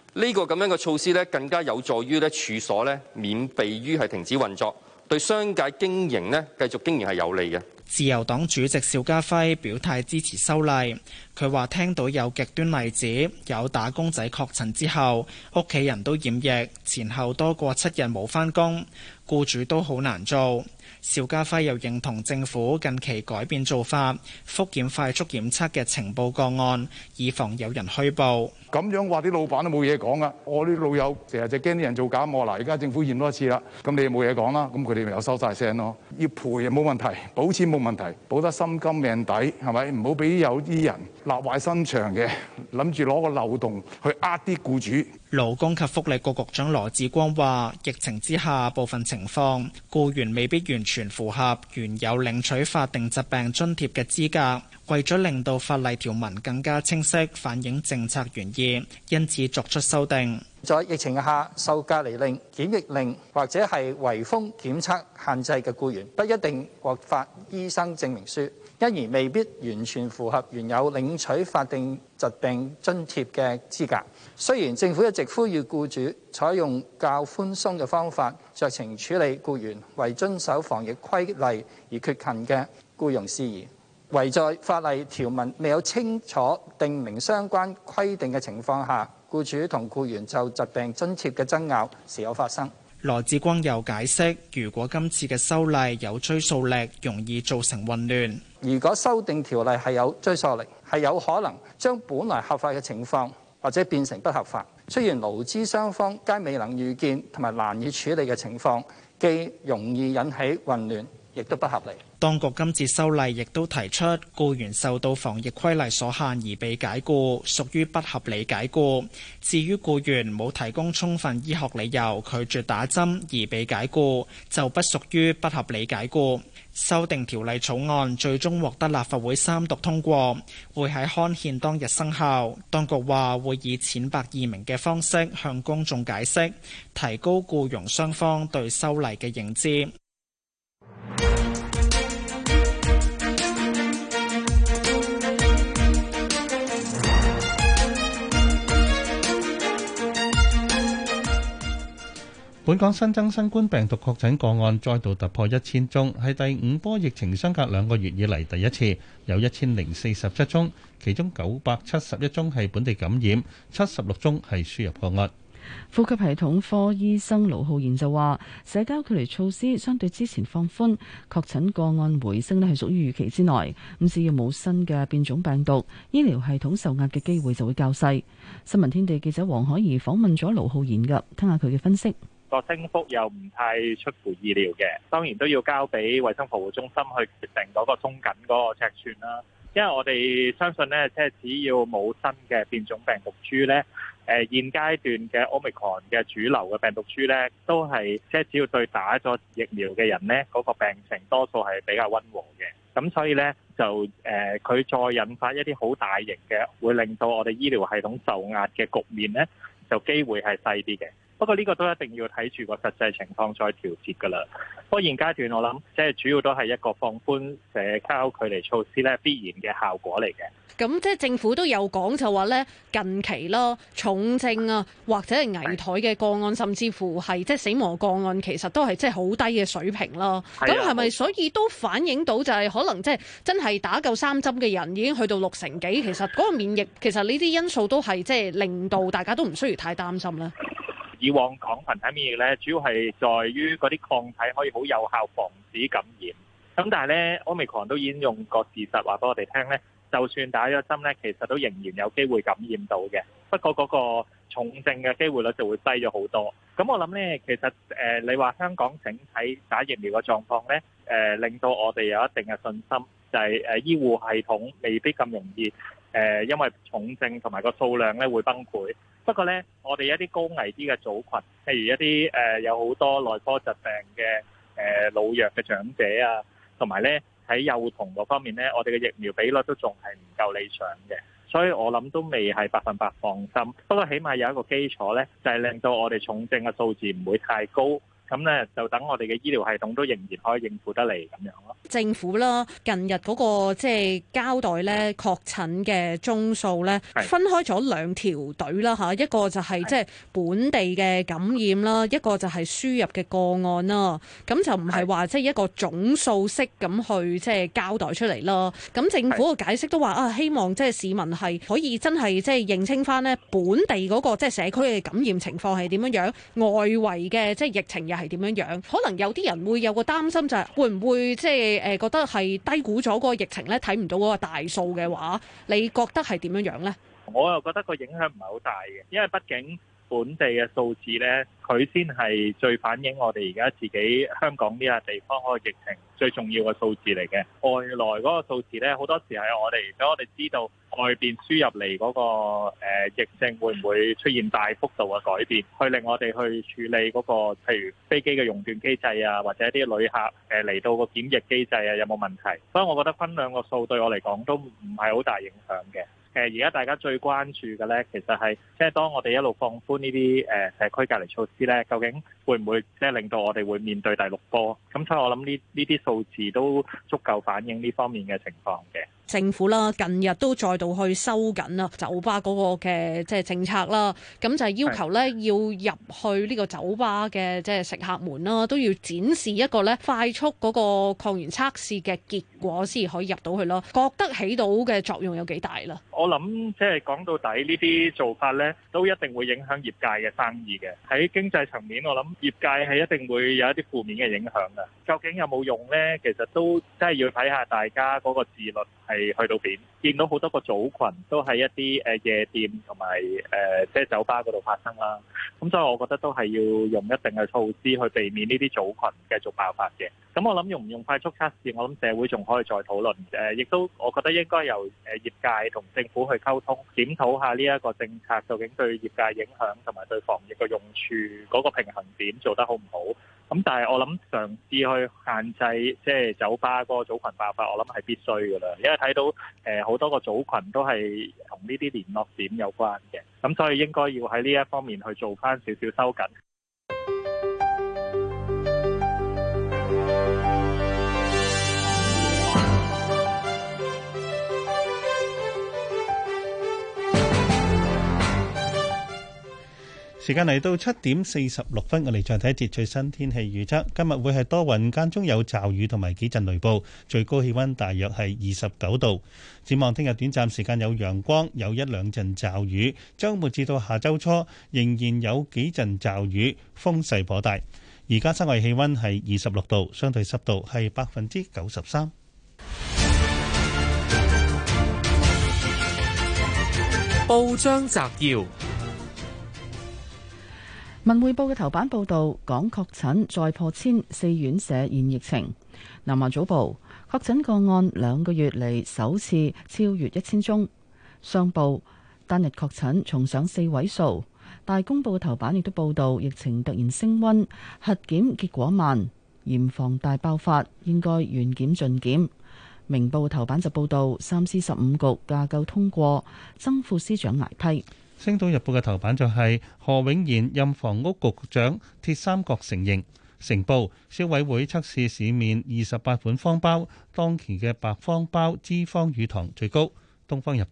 呢個咁樣嘅措施呢，更加有助於呢處所呢免避於係停止運作，對商界經營呢繼續經營係有利嘅。自由黨主席邵家輝表態支持修例，佢話聽到有極端例子，有打工仔確診之後，屋企人都染疫，前後多過七日冇返工，雇主都好難做。邵家輝又認同政府近期改變做法，複檢快速檢測嘅情報個案，以防有人虛報。咁樣話啲老闆都冇嘢講噶，我啲老友成日就驚啲人做假，我嗱，而家政府驗多一次啦，咁你冇嘢講啦，咁佢哋咪又收晒聲咯。要賠啊冇問題，保錢冇問題，保得心甘命抵，係咪？唔好俾有啲人立壞心腸嘅，諗住攞個漏洞去呃啲僱主。勞工及福利局局長羅致光話，疫情之下，部分情況僱員未必完全符合原有領取法定疾病津貼嘅資格。為咗令到法例條文更加清晰，反映政策原意，因此作出修訂。在疫情下受隔離令、檢疫令或者係圍封檢測限制嘅僱員，不一定獲發醫生證明書，因而未必完全符合原有領取法定疾病津貼嘅資格。雖然政府一直呼籲僱主採用較寬鬆嘅方法，酌情處理僱員為遵守防疫規例而缺勤嘅僱傭事宜，唯在法例條文未有清楚定明相關規定嘅情況下，僱主同僱員就疾病津貼嘅爭拗時有發生。羅志光又解釋，如果今次嘅修例有追溯力，容易造成混亂。如果修訂條例係有追溯力，係有可能將本來合法嘅情況。或者變成不合法，出現勞資雙方皆未能預見同埋難以處理嘅情況，既容易引起混亂，亦都不合理。當局今次修例亦都提出，僱員受到防疫規例所限而被解雇，屬於不合理解雇。至於僱員冇提供充分醫學理由拒絕打針而被解雇，就不屬於不合理解雇。修訂條例草案最終獲得立法會三讀通過，會喺刊憲當日生效，當局話會以淺白易明嘅方式向公眾解釋，提高僱傭雙方對修例嘅認知。本港新增新冠病毒確診個案再度突破一千宗，係第五波疫情相隔兩個月以嚟第一次，有一千零四十七宗，其中九百七十一宗係本地感染，七十六宗係輸入個案。呼吸系統科醫生盧浩然就話：社交距離措施相對之前放寬，確診個案回升咧係屬於預期之內。咁只要冇新嘅變種病毒，醫療系統受壓嘅機會就會較細。新聞天地記者黃海怡訪問咗盧浩然噶，聽下佢嘅分析。個升幅又唔太出乎意料嘅，當然都要交俾衞生防護中心去決定嗰個鬆緊嗰個尺寸啦。因為我哋相信呢，即係只要冇新嘅變種病毒株呢，誒、呃、現階段嘅 Omicron 嘅主流嘅病毒株呢，都係即係只要對打咗疫苗嘅人呢，嗰、那個病情多數係比較温和嘅。咁所以呢，就誒，佢、呃、再引發一啲好大型嘅，會令到我哋醫療系統受壓嘅局面呢，就機會係細啲嘅。不過呢個都一定要睇住個實際情況再調節㗎啦。不過現階段，我諗即係主要都係一個放寬社交距離措施咧，必然嘅效果嚟嘅。咁即係政府都有講就話咧，近期咯重症啊，或者係危殆嘅個案，甚至乎係即係死亡個案，其實都係即係好低嘅水平咯。咁係咪所以都反映到就係可能即係真係打夠三針嘅人已經去到六成幾？其實嗰個免疫其實呢啲因素都係即係令到大家都唔需要太擔心啦。以往抗群體免疫咧，主要係在於嗰啲抗體可以好有效防止感染。咁但係咧，Omicron 都已經用個事實話俾我哋聽咧，就算打咗針咧，其實都仍然有機會感染到嘅。不過嗰個重症嘅機會率就會低咗好多。咁我諗咧，其實誒、呃、你話香港整體打疫苗嘅狀況咧，誒、呃、令到我哋有一定嘅信心，就係、是、誒醫護系統未必咁容易誒、呃，因為重症同埋個數量咧會崩潰。不過咧，我哋一啲高危啲嘅組群，譬如一啲誒、呃、有好多內科疾病嘅誒、呃、老弱嘅長者啊，同埋咧喺幼童嗰方面咧，我哋嘅疫苗比率都仲係唔夠理想嘅，所以我諗都未係百分百放心。不過起碼有一個基礎咧，就係、是、令到我哋重症嘅數字唔會太高。咁咧就等我哋嘅醫療系統都仍然可以應付得嚟咁樣咯。政府啦，近日嗰個即係交代咧確診嘅宗數咧，是分開咗兩條隊啦吓，一個就係即係本地嘅感染啦，一個就係輸是入嘅個案啦。咁就唔係話即係一個總數式咁去即係交代出嚟啦。咁政府嘅解釋都話啊，希望即係市民係可以真係即係認清翻咧本地嗰個即係社區嘅感染情況係點樣樣，外圍嘅即係疫情又，係點樣樣？可能有啲人會有個擔心，就係會唔會即係誒覺得係低估咗個疫情咧，睇唔到嗰個大數嘅話，你覺得係點樣樣呢？我又覺得個影響唔係好大嘅，因為畢竟。本地嘅數字呢，佢先係最反映我哋而家自己香港呢個地方嗰個疫情最重要嘅數字嚟嘅。外來嗰個數字呢，好多時係我哋俾我哋知道外邊輸入嚟嗰個誒疫症會唔會出現大幅度嘅改變，去令我哋去處理嗰個譬如飛機嘅熔斷機制啊，或者啲旅客誒嚟到個檢疫機制啊，有冇問題？所以，我覺得分兩個數對我嚟講都唔係好大影響嘅。誒而家大家最關注嘅咧，其實係即係當我哋一路放寬呢啲誒社區隔離措施咧，究竟會唔會即係令到我哋會面對第六波？咁所以我諗呢呢啲數字都足夠反映呢方面嘅情況嘅。政府啦，近日都再度去收緊啦，酒吧嗰個嘅即係政策啦，咁就係要求咧，要入去呢個酒吧嘅即係食客們啦，都要展示一個咧快速嗰個抗原測試嘅結果先至可以入到去咯。覺得起到嘅作用有幾大啦？我諗即係講到底呢啲做法咧，都一定會影響業界嘅生意嘅。喺經濟層面，我諗業界係一定會有一啲負面嘅影響嘅。究竟有冇用咧？其實都真係要睇下大家嗰個自律係。去到片見到好多個組群都喺一啲誒夜店同埋誒即係酒吧嗰度發生啦，咁、嗯、所以我覺得都係要用一定嘅措施去避免呢啲組群繼續爆發嘅。咁我諗用唔用快速測試，我諗社會仲可以再討論。誒，亦都我覺得應該由誒業界同政府去溝通，檢討下呢一個政策究竟對業界影響同埋對防疫嘅用處嗰個平衡點做得好唔好？咁但係我諗嘗試去限制即係酒吧個組群爆發，我諗係必須㗎啦，因為睇到誒好多個組群都係同呢啲聯絡點有關嘅，咁所以應該要喺呢一方面去做翻少少收緊。時間嚟到七點四十六分，我哋再睇一節最新天氣預測。今日會係多雲間中有驟雨同埋幾陣雷暴，最高氣温大約係二十九度。展望聽日短暫時間有陽光，有一兩陣驟雨。周末至到下周初仍然有幾陣驟雨，風勢頗大。而家室外氣温係二十六度，相對濕度係百分之九十三。報章摘要。《文匯報》嘅頭版報道，港確診再破千，四院舍現疫情。《南華早報》確診個案兩個月嚟首次超越一千宗。《商報》單日確診重上四位數。《大公報》嘅頭版亦都報道，疫情突然升溫，核檢結果慢，嚴防大爆發，應該遠檢盡檢。《明報》頭版就報道，三司十五局架構通過，曾副司長挨批。《星島日報》嘅頭版就係何永賢任房屋局局長，鐵三角成形。《城報》消委會測試市面二十八款方包，當期嘅白方包脂肪與糖最高。《東方日報》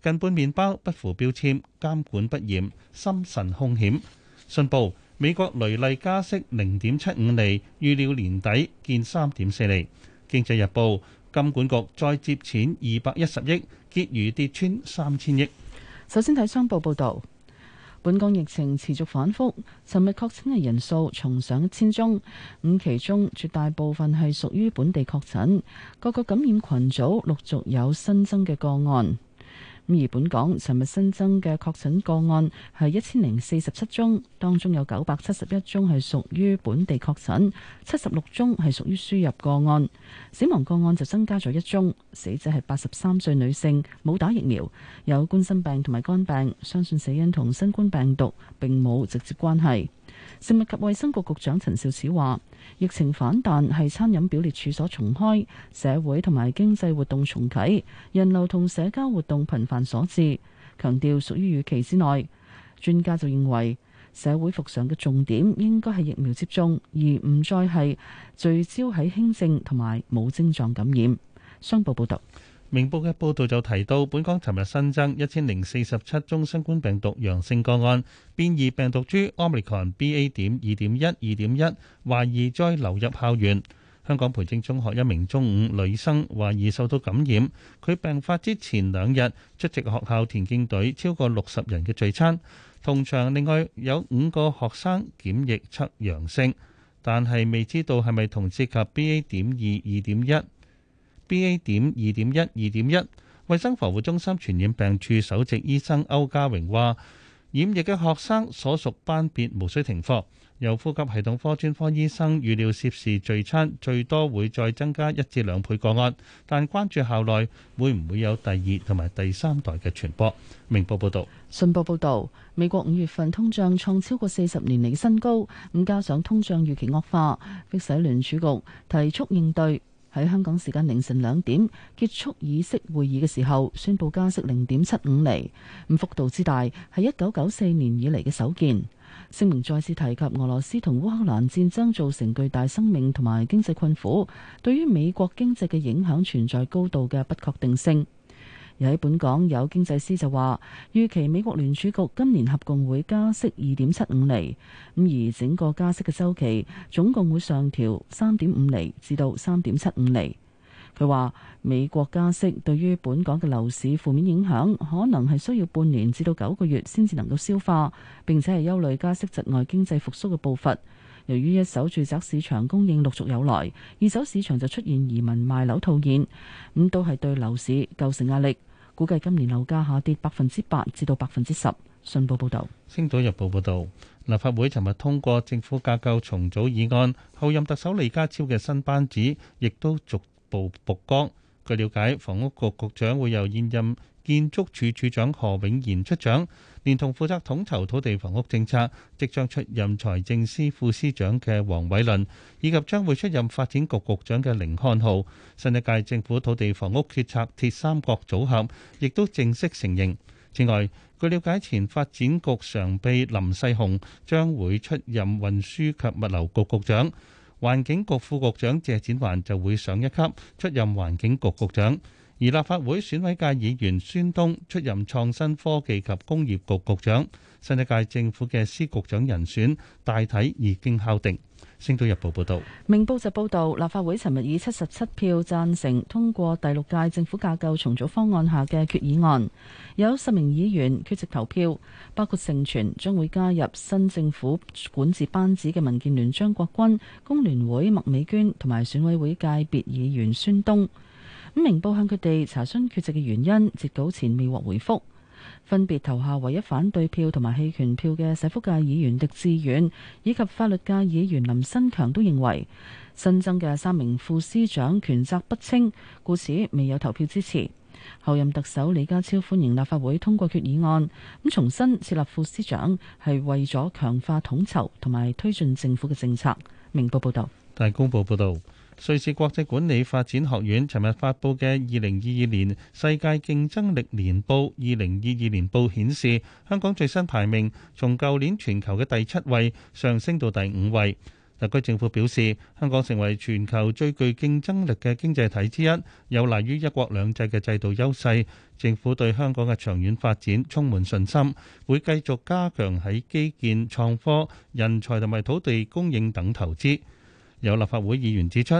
近半麵包不符標籤，監管不嚴，心神凶險。《信報》美國雷利加息零點七五厘，預料年底見三點四厘。《經濟日報》金管局再接錢二百一十億，結餘跌穿三千億。首先睇《商報》報道，本港疫情持續反覆，尋日確診嘅人數重上一千宗，咁其中絕大部分係屬於本地確診，各個感染群組陸續有新增嘅個案。咁而本港尋日新增嘅確診個案係一千零四十七宗，當中有九百七十一宗係屬於本地確診，七十六宗係屬於輸入個案。死亡個案就增加咗一宗，死者係八十三歲女性，冇打疫苗，有冠心病同埋肝病，相信死因同新冠病毒並冇直接關係。食物及衛生局局長陳肇始話。疫情反彈係餐飲表列處所重開，社會同埋經濟活動重啟、人流同社交活動頻繁所致，強調屬於預期之內。專家就認為，社會復常嘅重點應該係疫苗接種，而唔再係聚焦喺輕症同埋冇症狀感染。商報報道。明報嘅報導就提到，本港尋日新增一千零四十七宗新冠病毒陽性個案，變異病毒株奧密克戎 BA. 點二點一、二點一，懷疑再流入校園。香港培正中學一名中五女生懷疑受到感染，佢病發之前兩日出席學校田徑隊超過六十人嘅聚餐，同場另外有五個學生檢疫測陽性，但係未知道係咪同涉及 BA. 點二二點一。B A 點二點一，二點一。衛生防護中心傳染病處首席醫生歐家榮話，染疫嘅學生所屬班別無需停課。由呼吸系統科專科醫生預料，涉事聚餐最多會再增加一至兩倍個案，但關注校內會唔會有第二同埋第三代嘅傳播。明報報道，信報報道，美國五月份通脹創超過四十年嚟新高，咁加上通脹預期惡化，迫使聯儲局提速應對。喺香港時間凌晨兩點結束議息會議嘅時候，宣布加息零點七五厘。咁幅度之大係一九九四年以嚟嘅首見。聲明再次提及俄羅斯同烏克蘭戰爭造成巨大生命同埋經濟困苦，對於美國經濟嘅影響存在高度嘅不確定性。又喺本港有經濟師就話，預期美國聯儲局今年合共會加息二點七五厘，咁而整個加息嘅周期總共會上調三點五厘至到三點七五厘。佢話美國加息對於本港嘅樓市負面影響，可能係需要半年至到九個月先至能夠消化，並且係憂慮加息窒礙經濟復甦嘅步伐。由於一手住宅市場供應陸續有來，二手市場就出現移民賣樓套現，咁都係對樓市構成壓力。估計今年樓價下跌百分之八至到百分之十。信報報道，《星島日報》報道，立法會尋日通過政府架構重組議案，後任特首李家超嘅新班子亦都逐步曝光。據了解，房屋局局長會由現任建築署署長何永賢出掌。連同負責統籌土地房屋政策，即將出任財政司副司長嘅黃偉綸，以及將會出任發展局局長嘅甯漢豪，新一屆政府土地房屋決策鐵三角組合，亦都正式成形。此外，據瞭解，前發展局常秘林世雄將會出任運輸及物流局局長，環境局副局長謝展寰就會上一級出任環境局局長。而立法會選委界議員孫東出任創新科技及工業局局長，新一屆政府嘅司局長人選大體已經敲定。星島日報報道，明報就報,報,報導，立法會尋日以七十七票贊成通過第六屆政府架構重組方案下嘅決議案，有十名議員缺席投票，包括盛傳將會加入新政府管治班子嘅民建聯張國軍、工聯會麥美娟同埋選委會界別議員孫東。明報向佢哋查詢缺席嘅原因，截稿前未獲回覆。分別投下唯一反對票同埋棄權票嘅社福界議員狄志遠以及法律界議員林新強都認為，新增嘅三名副司長權責不清，故此未有投票支持。候任特首李家超歡迎立法會通過決議案，咁重新設立副司長係為咗強化統籌同埋推進政府嘅政策。明報報道。大公報報導。瑞士國際管理發展學院尋日發布嘅《二零二二年世界競爭力年報》二零二二年報顯示，香港最新排名從舊年全球嘅第七位上升到第五位。特區政府表示，香港成為全球最具競爭力嘅經濟體之一，有賴於一國兩制嘅制度優勢。政府對香港嘅長遠發展充滿信心，會繼續加強喺基建、創科、人才同埋土地供應等投資。有立法會議員指出，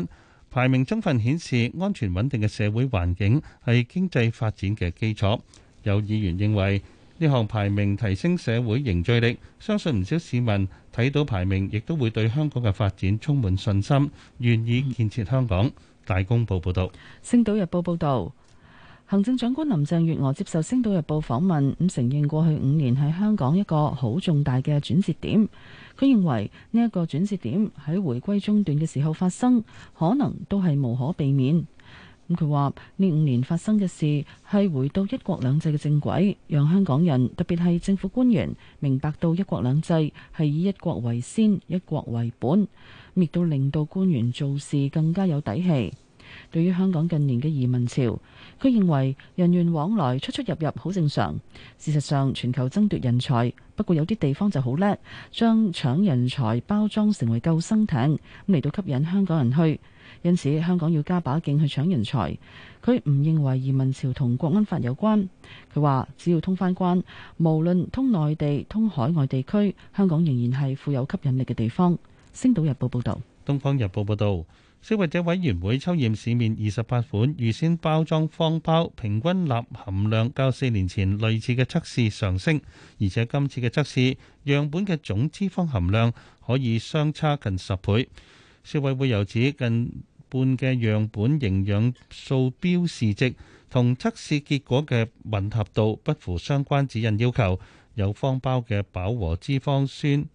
排名充分顯示安全穩定嘅社會環境係經濟發展嘅基礎。有議員認為呢項排名提升社會凝聚力，相信唔少市民睇到排名，亦都會對香港嘅發展充滿信心，願意建設香港。大公報報導，《星島日報》報導，行政長官林鄭月娥接受《星島日報》訪問，咁承認過去五年喺香港一個好重大嘅轉折點。佢認為呢一個轉折點喺回歸中段嘅時候發生，可能都係無可避免。咁佢話呢五年發生嘅事係回到一國兩制嘅正軌，讓香港人特別係政府官員明白到一國兩制係以一國為先、一國為本，咁亦都令到官員做事更加有底氣。對於香港近年嘅移民潮，佢認為人員往來出出入入好正常，事實上全球爭奪人才，不過有啲地方就好叻，將搶人才包裝成為救生艇咁嚟到吸引香港人去。因此香港要加把勁去搶人才。佢唔認為移民潮同國安法有關。佢話只要通返關，無論通內地、通海外地區，香港仍然係富有吸引力嘅地方。星島日報報道。東方日報報道。消費者委員會抽驗市面二十八款預先包裝方包，平均鈉含量較四年前類似嘅測試上升，而且今次嘅測試樣本嘅總脂肪含量可以相差近十倍。消委會又指，近半嘅樣本營養素標示值同測試結果嘅混合度不符相關指引要求，有方包嘅飽和脂肪酸。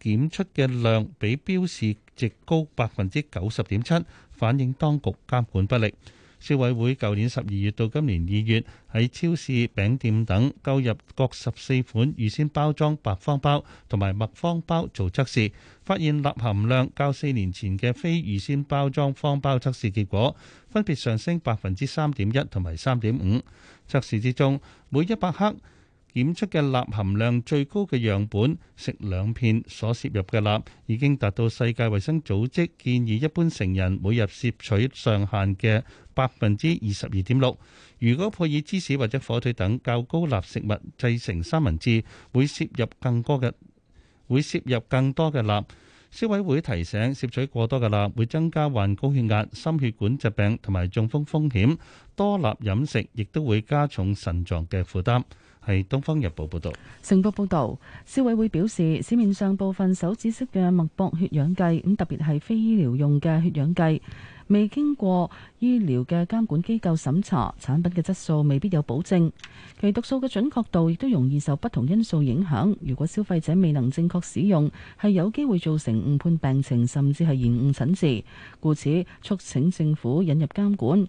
檢出嘅量比標示值高百分之九十點七，反映當局監管不力。消委會舊年十二月到今年二月，喺超市、餅店等購入各十四款預先包裝白方包同埋麥方包做測試，發現鈉含量較四年前嘅非預先包裝方包測試結果分別上升百分之三點一同埋三點五。測試之中，每一百克檢出嘅鈉含量最高嘅樣本，食兩片所攝入嘅鈉已經達到世界衞生組織建議一般成人每日攝取上限嘅百分之二十二點六。如果配以芝士或者火腿等較高鈉食物製成三文治，會攝入更多嘅會攝入更多嘅鈉。消委會提醒，攝取過多嘅鈉會增加患高血壓、心血管疾病同埋中風風險。多鈉飲食亦都會加重腎臟嘅負擔。係《東方日報》報道，成報報道，消委會表示，市面上部分手指式嘅脈搏血氧計咁，特別係非醫療用嘅血氧計，未經過醫療嘅監管機構審查，產品嘅質素未必有保證。其讀數嘅準確度亦都容易受不同因素影響。如果消費者未能正確使用，係有機會造成誤判病情，甚至係延誤診治。故此，促請政府引入監管，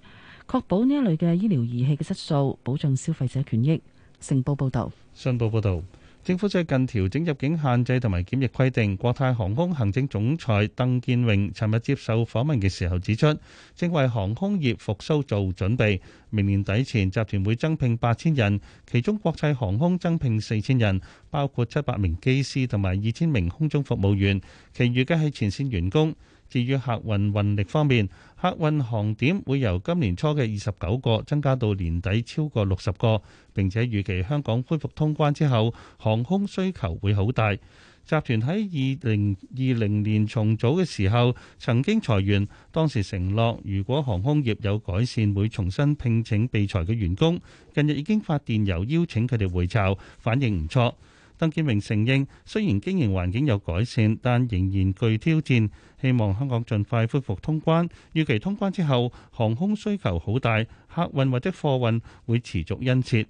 確保呢一類嘅醫療儀器嘅質素，保障消費者權益。晨報報道：信報報導，政府最近調整入境限制同埋檢疫規定。國泰航空行政總裁鄧建榮尋日接受訪問嘅時候指出，正為航空業復甦做準備。明年底前，集團會增聘八千人，其中國際航空增聘四千人，包括七百名機師同埋二千名空中服務員，其餘嘅係前線員工。至於客運運力方面，客運航點會由今年初嘅二十九個增加到年底超過六十個。並且預期香港恢復通關之後，航空需求會好大。集團喺二零二零年重組嘅時候曾經裁員，當時承諾如果航空業有改善，會重新聘請被裁嘅員工。近日已經發電郵邀請佢哋回巢，反應唔錯。鄧健榮承認，雖然經營環境有改善，但仍然具挑戰。希望香港盡快恢復通關，預期通關之後航空需求好大，客運或者貨運會持續殷切。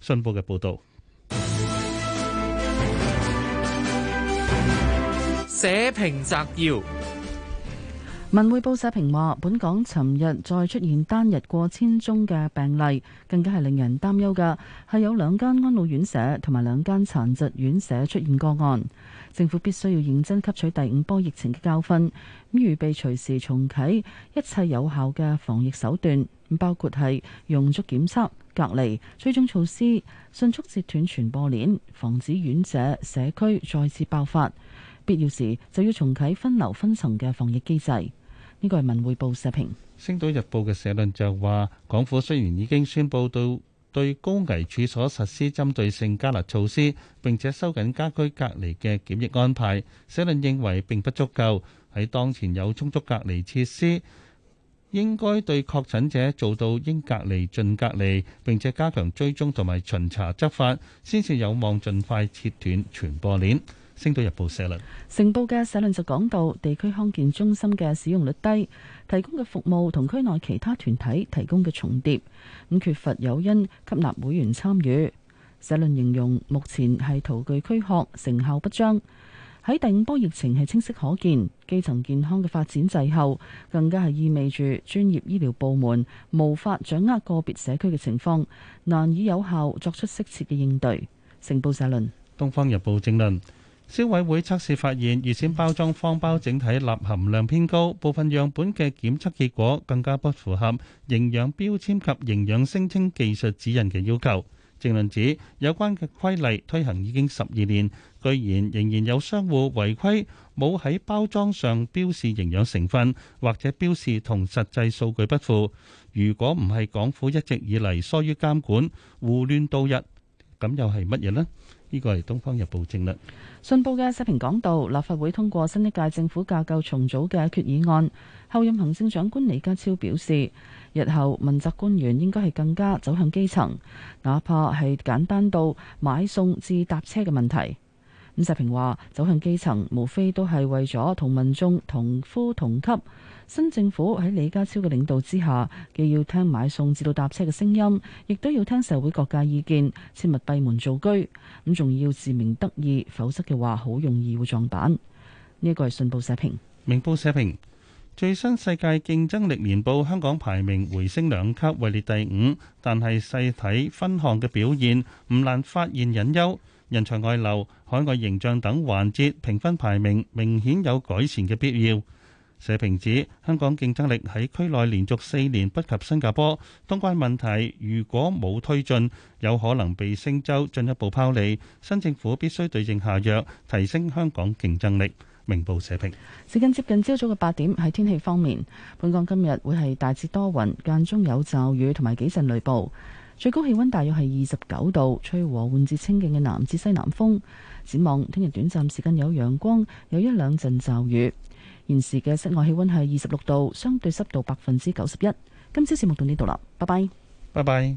信報嘅報道社評摘要：文匯報社評話本港尋日再出現單日過千宗嘅病例，更加係令人擔憂噶，係有兩間安老院舍同埋兩間殘疾院舍出現個案。政府必須要認真吸取第五波疫情嘅教訓，咁預備隨時重啟一切有效嘅防疫手段，包括係用足檢測、隔離、追蹤措施，迅速截斷傳播鏈，防止院者社區再次爆發。必要時就要重啟分流分層嘅防疫機制。呢個係文匯報社評，《星島日報》嘅社論就話：港府雖然已經宣布到，對高危處所實施針對性加壓措施，並且收緊家居隔離嘅檢疫安排。社論認為並不足夠，喺當前有充足隔離設施，應該對確診者做到應隔離盡隔離，並且加強追蹤同埋巡查執法，先至有望盡快切斷傳播鏈。《星島日報》社論，成報嘅社論就講到，地區康健中心嘅使用率低，提供嘅服務同區內其他團體提供嘅重疊，咁缺乏誘因吸納會員參與。社論形容目前係徒具軀殼，成效不彰。喺第五波疫情係清晰可見，基層健康嘅發展滯後，更加係意味住專業醫療部門無法掌握個別社區嘅情況，難以有效作出適切嘅應對。成報社論，《東方日報》正論。消委會測試發現，預先包裝方包整體鈉含量偏高，部分樣本嘅檢測結果更加不符合營養標籤及營養聲稱技術指引嘅要求。評論指，有關嘅規例推行已經十二年，居然仍然有商戶違規，冇喺包裝上標示營養成分，或者標示同實際數據不符。如果唔係港府一直以嚟疏於監管，胡亂度日，咁又係乜嘢呢？呢個係《東方日報證》政論信報嘅社評講到，立法會通過新一屆政府架構重組嘅決議案。後任行政長官李家超表示，日後問責官員應該係更加走向基層，哪怕係簡單到買餸至搭車嘅問題。咁社評話：走向基層，無非都係為咗同民眾同呼同吸。新政府喺李家超嘅領導之下，既要聽買餸至到搭車嘅聲音，亦都要聽社會各界意見，切勿閉門造車。咁仲要自鳴得意，否則嘅話，好容易會撞板。呢一個係信報社評。明報社評，最新世界競爭力年報，香港排名回升兩級，位列第五。但係細睇分項嘅表現，唔難發現隱憂，人才外流、海外形象等環節評分排名明顯有改善嘅必要。社評指香港競爭力喺區內連續四年不及新加坡，通關問題如果冇推進，有可能被星洲進一步拋離。新政府必須對症下藥，提升香港競爭力。明報社評。時間接近朝早嘅八點，喺天氣方面，本港今日會係大致多雲，間中有驟雨同埋幾陣雷暴，最高氣温大約係二十九度，吹和緩至清勁嘅南至西南風。展望聽日短暫時間有陽光，有一兩陣驟雨。現時嘅室外氣溫係二十六度，相對濕度百分之九十一。今朝節目到呢度啦，拜拜，拜拜。